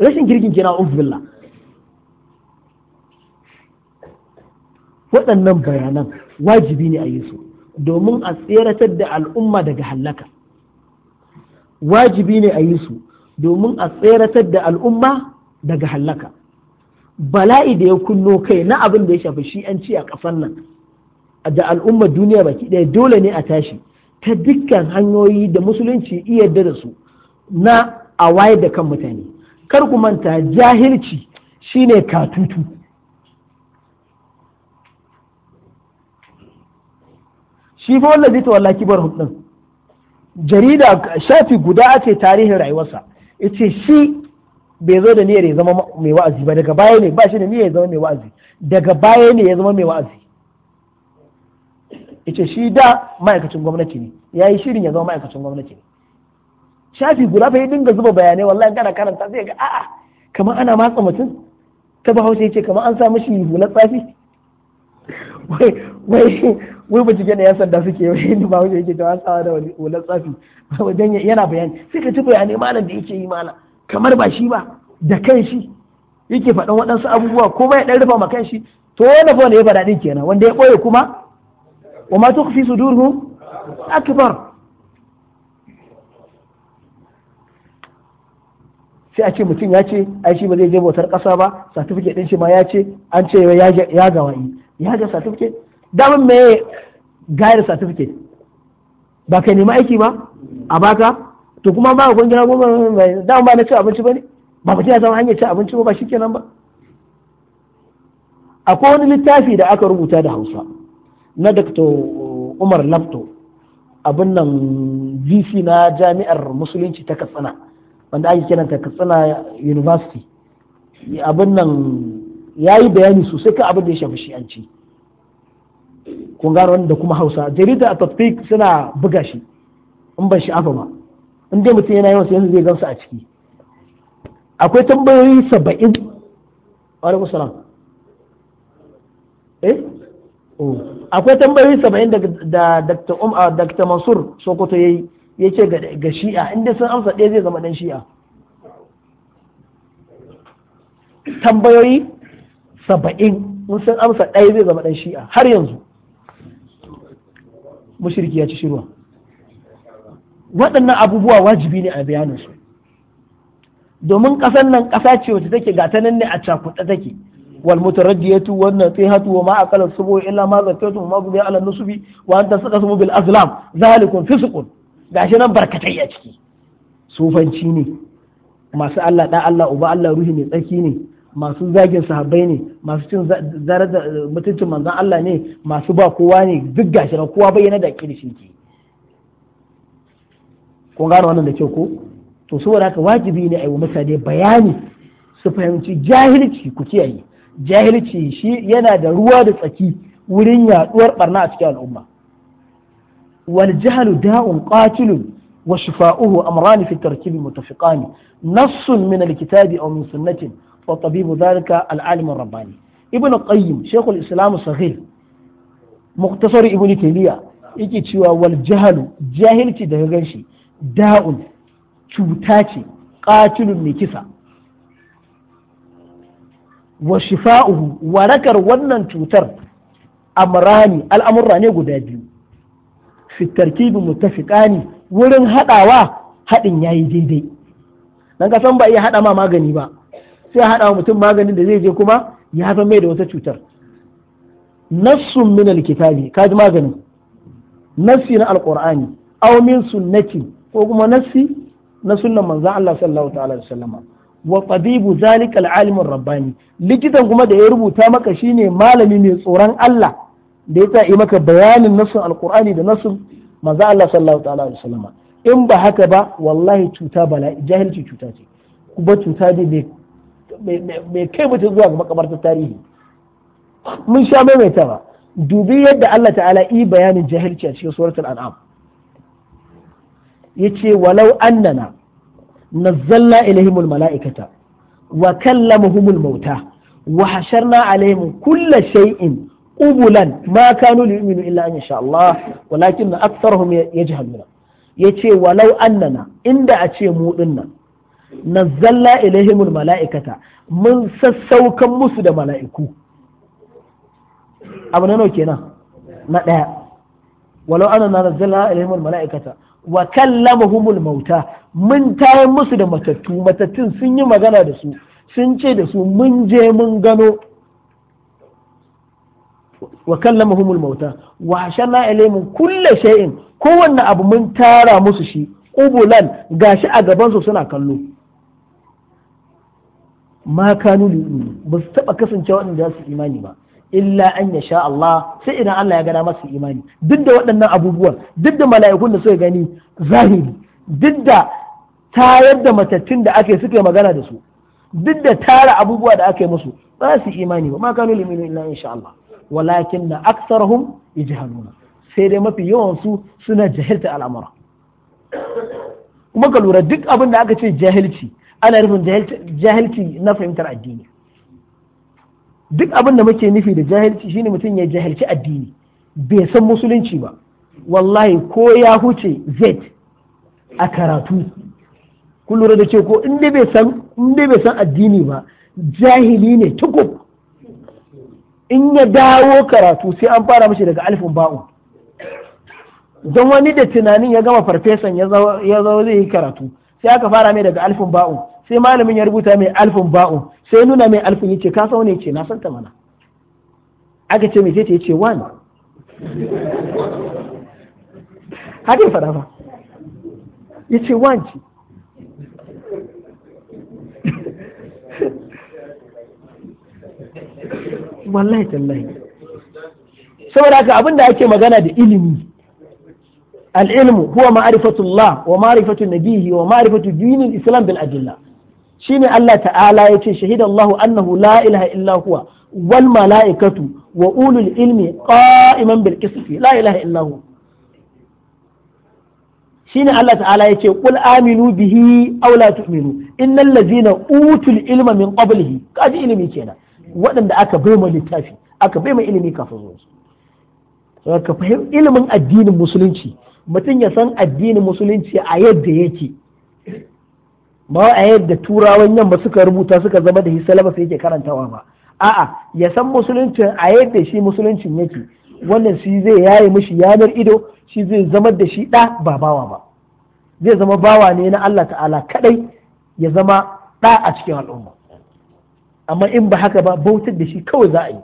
Speaker 1: rashin kirkin kenan uzbillah waɗannan bayanan wajibi ne a yi su domin a tseratar da al'umma daga hallaka wajibi ne a yi su domin a tseratar da al'umma daga hallaka bala'i da ya kunno kai na abin da ya shafi shi'anci a ƙasar nan da al'umma duniya baki ɗaya dole ne a tashi ta dukkan hanyoyi da musulunci iya da su na a wayar da kan mutane kar ku manta jahilci shine katutu shi fa wallazi ta wallaki bar hudun jarida shafi guda a ce tarihin rayuwarsa ce shi bai zo da niyyar ya zama mai wa'azi ba daga baya ne ba shi da niyyar ya zama mai wa'azi daga baya ne ya zama mai wa'azi yace shi da ma'aikacin gwamnati ne ya yi shirin ya zama ma'aikacin gwamnati ne shafi guda fa ya dinga zuba bayanai wallahi kana karanta sai ga a'a kamar ana matsa mutum ta bahaushe yace kamar an sa mishi hular tsafi wai wai wai ba cikin yan sanda suke wai ba bahaushe yake ta sawa da hular tsafi wajen yana bayani sai ka ci bayanai malam da yake yi malam kamar ba shi ba da kan shi yake faɗan waɗansu abubuwa ko ya ɗan rufa ma kan shi to wani fa ne ya faɗa ɗin kenan wanda ya ɓoye kuma وما تخفي tukhfi أكبر sai a ce mutum ya ce ai shi ba zai je bautar ƙasa ba satifiket ɗin shi ma ya ce an ce ya ga wani ya ga certificate daman me gayar satifiket. ba kai nema aiki ba a baka to kuma ba kun gina goma daman ba na ci abinci ba ne ba mutum ya zama hanyar ci abinci ba ba kenan ba akwai wani littafi da aka rubuta da Hausa na dr umar lafto abin nan vc na jami'ar musulunci ta katsina wanda ake kiran ta katsina university abin nan ya yi bayani sosai kan abin da ya shafi shi'anci kun gano wanda kuma hausa jarida a suna buga shi in ban sha'afa ba in dai mutum yana yawan yanzu zai gansu a ciki akwai tambayoyi saba'in alaikum salam eh akwai tambayoyi saba'in da Dr. Um Dr. Mansur Sokoto ya ce ga Shi'a inda sun amsa ɗaya zai zama ɗan Shi'a tambayoyi saba'in mun sun amsa ɗaya zai zama ɗan Shi'a har yanzu mushriki ya ci shirwa waɗannan abubuwa wajibi ne a bayanin su domin ƙasar nan ƙasa ce wacce take gata nan ne a cakuɗa take wal mutaraddiyatu wan nasihatu wa ma aqala subu illa ma zakatu ma bi ala nusubi aslam. anta saqatu bil azlam zalikum fisqun gashi nan barkatai a ciki sufanci ne masu Allah da Allah uba Allah ruhi mai tsaki ne masu zagin sahabbai ne masu cin zarar da mutuncin manzon Allah ne masu ba kowa ne duk gashi nan kowa bayyana da kirshin ke kun gano wannan da kyau ko to saboda haka wajibi ne a yi wa mutane bayani su fahimci jahilci ku yi. jahilci shi yana da ruwa da tsaki wurin yaduwar barna a cikin al'umma wal jahalu da'un qatilun wa shifa'uhu amrani fi tarkib mutafiqan nassun min al-kitabi aw min sunnatin wa tabibu dhalika al-alim ar-rabbani ibn qayyim shaykh al-islam saghir muktasar ibn taymiya iki cewa wal jahlu jahilci da ganshi da'un cuta ce ne kisa wa shifa'uhu warakar wannan cutar amrani al'amurra ne guda biyu fi tarkibi mutafiqani wurin hadawa hadin yayi daidai dan ƙasan ba iya hada ma magani ba sai hada mutum maganin da zai je kuma ya haifar mai da wata cutar nassun min alkitabi ka ji maganin nassi na alqur'ani aw min sunnati ko kuma nassi na sunnan manzon Allah sallallahu ta'ala alaihi wa tabibu zalika al-alim rabbani likitan kuma da ya rubuta maka shine malami mai tsoron Allah da ya sa yi maka bayanin nasin alqur'ani da nasin manzo Allah sallallahu ta'ala alaihi wasallam in ba haka ba wallahi cuta bala'i jahilci cuta ce kuma cuta ne mai kai mutum zuwa ga makabartar tarihi mun sha maimaita ba dubi yadda Allah ta'ala yi bayanin jahilci a cikin suratul ya ce walau annana nazzalna ilaihimul mala'ikata wa kallamuhumul mauta wa hasharna alaihim kulla shay'in qubulan ma kanu liyuminu illa an yasha Allah walakin aktharuhum yajhaluna yace walau annana inda a ce mu dinnan nazzalna ilaihimul mala'ikata mun sassaukan musu da mala'iku abu na kenan na ɗaya wa kallamahumul mauta mun tayar musu da matattu matattun sun yi magana da su sun ce da su mun je mun gano wa kallamahumul mauta wa shana ilayhim kulli shay'in kowanne abu mun tara musu shi ubulan gashi a gaban su suna kallo ma kanu ba su taba kasancewa waɗanda za su imani ba illa an ya sha Allah sai idan Allah ya gana masu imani duk da waɗannan abubuwan duk da mala'ikun da suka gani zahiri duk da tayar da matattun da ake suka magana da su duk da tara abubuwa da ake musu ba su imani ba ma kanu liminu illa in sha Allah walakin na aksarhum yajhaluna sai dai mafi yawan su suna jahilta al'amura kuma ka lura duk abin da aka ce jahilci ana rufin jahilci na fahimtar addini duk abin da muke nufi da jahilci shine mutum ya jahilci addini bai san musulunci ba wallahi ko ya huce z a karatu kun lura da ce ko in dai bai san addini ba jahili ne tukub in ya dawo karatu sai an fara mashi daga alifin ba'u don wani da tunanin ya gama farfesan ya zo zai yi karatu sai aka fara mai daga alifin ba'u sai malamin ya rubuta mai alfin ba'un sai nuna mai alfin yace ka sauna ne ce na santa mana aka ce mai sai yace one haka ya fada ba yace one ce
Speaker 2: wallahi tallahi
Speaker 1: saboda haka abinda ake magana da ilimi العلم هو معرفة الله ومعرفة wa ومعرفة دين الإسلام بالأدلة shine Allah ta'ala ya ce shahidallahu annahu la ilaha illa huwa wal mala'ikatu wa ulul ilmi qa'iman bil qisti la ilaha illa huwa shine Allah ta'ala ya ce qul aminu bihi aw la tu'minu innal ladzina utul ilma min qablihi kaji ilimi kenan waɗanda aka baima littafi aka baima ilimi kafin zuwa ka fahim ilimin addinin musulunci mutum ya san addinin musulunci a yadda yake ba a yadda turawan yamma suka rubuta suka zama da hisala ba sai yake karantawa ba a'a ya san musuluncin a yadda shi musuluncin yake wannan shi zai yaye mishi yanar ido shi zai zama da shi ɗa ba bawa ba zai zama bawa ne na Allah ta'ala kadai ya zama ɗa a cikin al'umma amma in ba haka ba bautar da shi kawai za a yi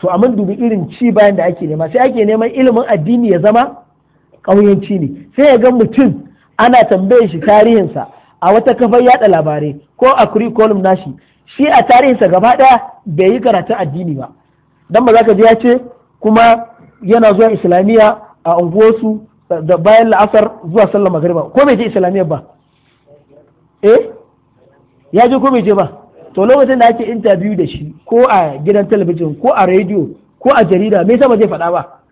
Speaker 1: to amma dubi irin ci bayan da ake nema sai ake neman ilimin addini ya zama ƙauyenci ne sai ya ga mutum ana tambaye shi tarihinsa a wata kafar yada labarai ko a curriculum nashi shi a tarihinsa gaba daya bai yi karatun addini ba dan ba za ka ji ya ce kuma yana zuwa islamiyya a unguwarsu da bayan la'asar zuwa sallar magariba ko bai je islamiyya ba eh ya je ko bai je ba to lokacin da ake interview da shi ko a gidan talabijin ko a rediyo ko a jarida me yasa zai faɗa ba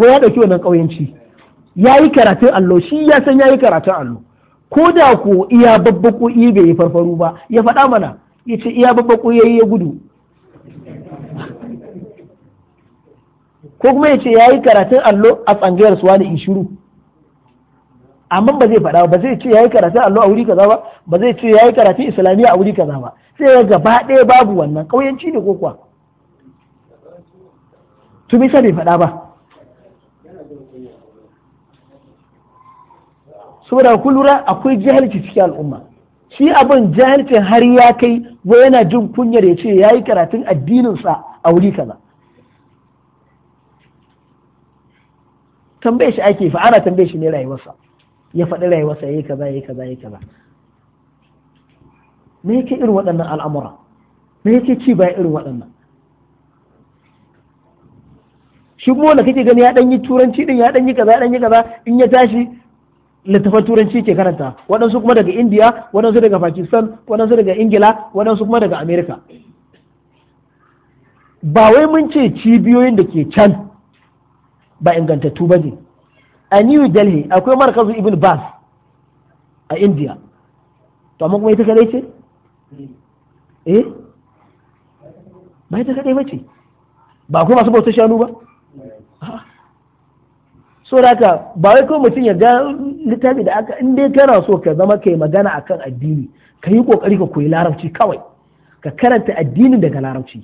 Speaker 1: wa ya ɗauki wannan ƙauyenci ya yi karatun allo shi ya san ya yi karatun allo ko da ko iya babbaƙo iya bai yi farfaru ba ya faɗa mana ya ce iya babbaƙo ya yi ya gudu ko kuma ya ce ya yi karatun allo a tsangayar suwa da shiru amma ba zai faɗa ba zai ce ya yi karatun allo a wuri kaza ba ba zai ce ya yi karatun islamiyya a wuri kaza ba sai ya gaba ɗaya babu wannan ƙauyenci ne ko kuwa sa bai faɗa ba saboda ku lura akwai jahilci cikin al'umma shi abin jahilcin har ya kai wa yana jin kunyar ya ce ya yi karatun addininsa a wuri kaza tambaye shi ake fa ana tambaye shi ne rayuwarsa ya faɗi rayuwarsa ya yi kaza ya yi kaza ya yi kaza me yake irin waɗannan al'amura me yake ci ba irin waɗannan shi kuma wanda kake gani ya ɗan yi turanci ɗin ya ɗan yi kaza ya ɗan yi kaza in ya tashi littafan turanci ke karanta waɗansu kuma daga indiya waɗansu daga pakistan waɗansu daga ingila waɗansu kuma daga amerika ba wai mun ce cibiyoyin da ke can ba ingantattu ba ne a new delhi akwai markazin ibn bas a india to amma kuma ita kadai ce eh ba ita kadai ba ce ba akwai masu bautar shanu ba so da ba wai kawai mutum ya ga littafi da aka in dai kana so ka zama kai magana akan addini ka yi kokari ka koyi larabci kawai ka karanta addinin daga larabci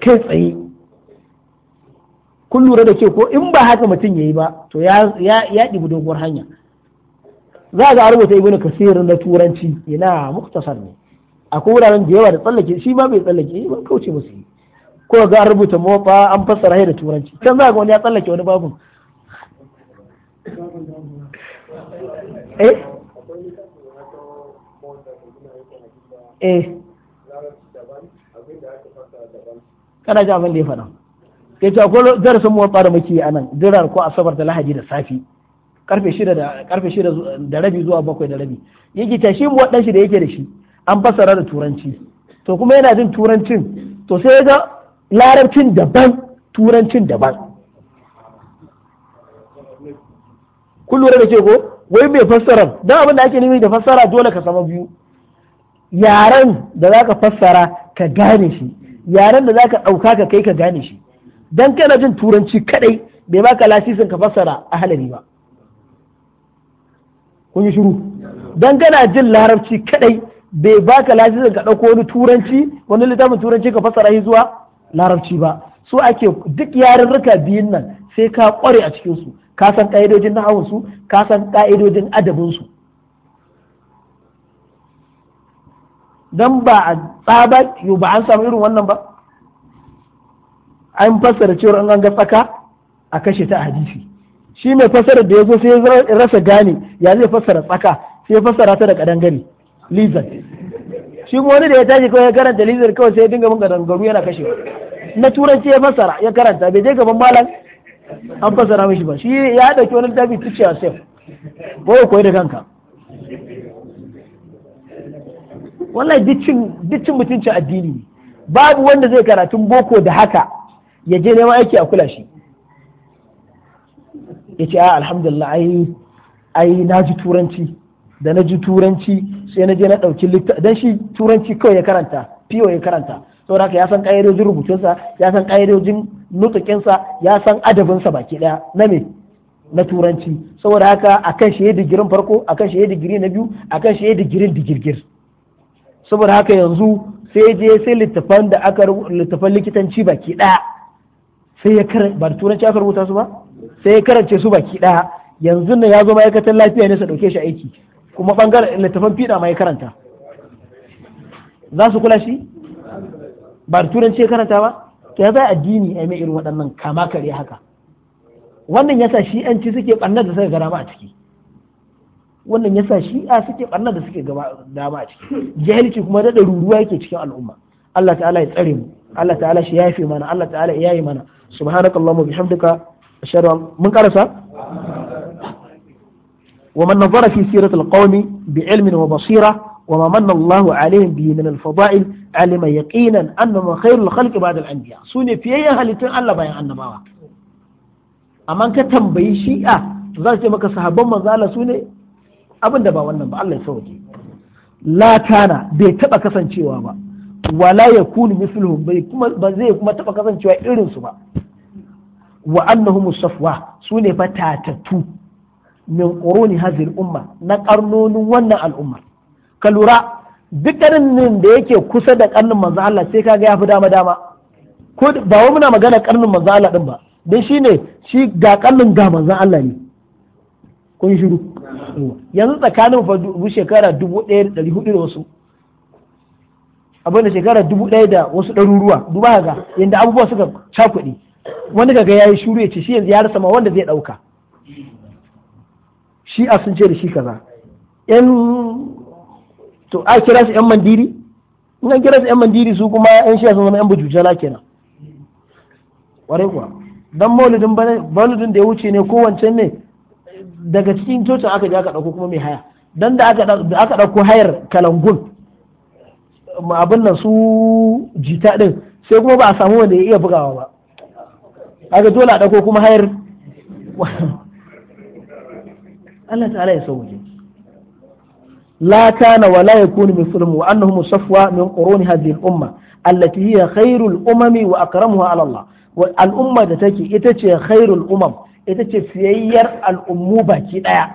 Speaker 1: kai tsaye kun lura da ke ko in ba haka mutum ya yi ba to ya ɗibi doguwar hanya za ga rubuta ibnu kasirin na turanci ina muktasar ne akwai wuraren da yawa da tsallake shi ma bai tsallake eh, ba kauce musu ko ga rubuta motsa an fassara da turanci can za ga wani ya tsallake wani babu eh eh kana ji abin da ya faɗa ke ce akwai darasin motsa da muke a nan jirar ko asabar da lahadi da safi karfe shida da rabi zuwa bakwai da rabi yake ta shi wadan shi da yake da shi an fasara da turanci to kuma yana jin turancin to sai ya ga larabcin daban turancin daban Kullum lura da ke ko wai mai fassara don abin da ake nemi da fassara dole ka sama biyu yaren da za ka fassara ka gane shi yaren da za ka ɗauka ka kai ka gane shi don kana jin turanci kadai bai baka lasisin ka fassara a halari ba kun yi shiru don kana jin larabci kadai bai baka lasisin ka ɗauko wani turanci wani littafin turanci ka fassara yi zuwa larabci ba Su ake duk yarurruka biyun nan sai ka ƙware a cikinsu ka san ƙa'idojin nahawun ka san ƙa'idojin adabinsu Don ba a tsaba yau ba an samu irin wannan ba an fassara cewar an ga tsaka a kashe ta hadisi shi mai fassara da ya zo sai ya rasa gane ya zai fassara tsaka sai ya fassara ta da gani lizard shi kuma wani da ya tashi kawai ya karanta lizard kawai sai ya dinga mun garu yana kashe na turanci ya fassara ya karanta bai je gaban malam an fassara mishi ba shi ya ɗauki wani littafi a sef ko ya koyi da kanka wallahi dicin mutuncin addini ne babu wanda zai karatun boko da haka ya je neman aiki a kula shi ya ce a alhamdulillah ai ai na ji turanci da na ji turanci sai na je na ɗauki littafi dan shi turanci kawai ya karanta fiyo ya karanta saboda haka ya san ƙa'idojin rubutunsa ya san ƙa'idojin nutukinsa ya san adabinsa baki ɗaya na me na turanci saboda haka akan shi ya digirin farko akan shi ya digiri na biyu akan shi ya digirin digirgir saboda haka yanzu sai je sai littafan da aka littafan likitanci baki ɗaya sai ya karanta ba da turanci aka rubuta su ba sai ya karance su baki ɗaya yanzu ne ya zo ma'aikatan lafiya ne su ɗauke shi aiki kuma ɓangaren littafan fiɗa ma ya karanta za su kula shi ba da turanci karanta ba to ya za addini ya mai irin waɗannan kama kare haka wannan yasa shi'anci suke ɓannar da suka gara ma a ciki wannan yasa shi'a suke ɓannar da suke dama a ciki jahilci kuma da ruruwa yake cikin al'umma Allah ta'ala ya tsare mu Allah ta'ala shi yafe mana Allah ta'ala ya yi mana subhanakallahumma bihamdika asharu mun karasa ومن نظر في سيرة القوم بعلم وبصيرة وما من الله عليهم به من الفضائل علم يقينا أنهم خير الخلق بعد الأنبياء سوني في أي هل الله بيان النبوة أما أنك تنبي شيئا تزال تمك صحابة من ذال سوني أبن دبا والنبا الله يسوكي لا كان بيتبا كسن شيئا ولا يكون مثلهم بي كما بزي كما تبا كسن شيئا إرن سبا وأنهم الصفوة سوني فتاتتو من قرون هذه الأمة نقرنون ون الأمة ka lura duk nan da yake kusa da karnin manzo Allah sai kaga ya fi dama dama ko ba wai muna magana karnin manzo Allah din ba dan shine shi ga karnin ga manzo Allah ne kun shiru yanzu tsakanin fa shekara 1400 da wasu abin da shekara dubu da wasu ɗaruruwa duba ga yadda abubuwa suka cakuɗi wani kaga ya yi shuru ya ce shi yanzu ya rasa ma wanda zai ɗauka shi a sun ce da shi kaza yan to a kira su yan mandiri in an kira su yan mandiri su kuma yan shiya sun zama yan bujujala kenan ƙwarai kuwa dan maulidin maulidin da ya wuce ne ko wancan ne daga cikin cocin aka je aka ɗauko kuma mai haya dan da aka ɗauko hayar kalangun abin nan su jita ɗin sai kuma ba a samu wanda ya iya bugawa ba aka dole a ɗauko kuma hayar Allah ta'ala ya sauke لا كان ولا يكون مثلهم وأنهم صفوة من قرون هذه الأمة التي هي خير الأمم وأكرمها على الله والأمة تتكي إتتي خير الأمم إتتي فيير الأموبة كده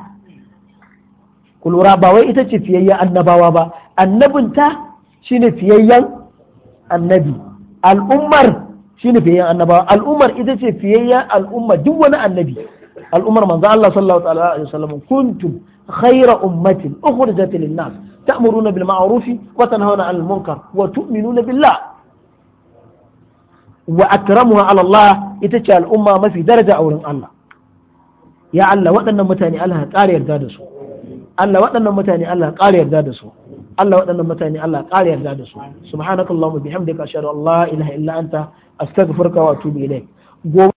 Speaker 1: كل رابا وإتتي فيير النبوة با النبن تا شين فيير النبي الأمر شين فيير النبوة الأمر إتتي فيير الأمة دون النبي الأمر من الله صلى الله عليه وسلم كنتم khayra ummatin ukhrijat lin-nas ta'muruna bil ma'ruf wa tanhauna 'anil munkar wa tu'minuna billah wa akramuha 'ala Allah ita ce al'umma mafi daraja a wurin Allah ya Allah waɗannan mutane Allah ka ƙara yarda da su Allah waɗannan mutane Allah ka ƙara yarda da su Allah waɗannan mutane Allah ƙara yarda da su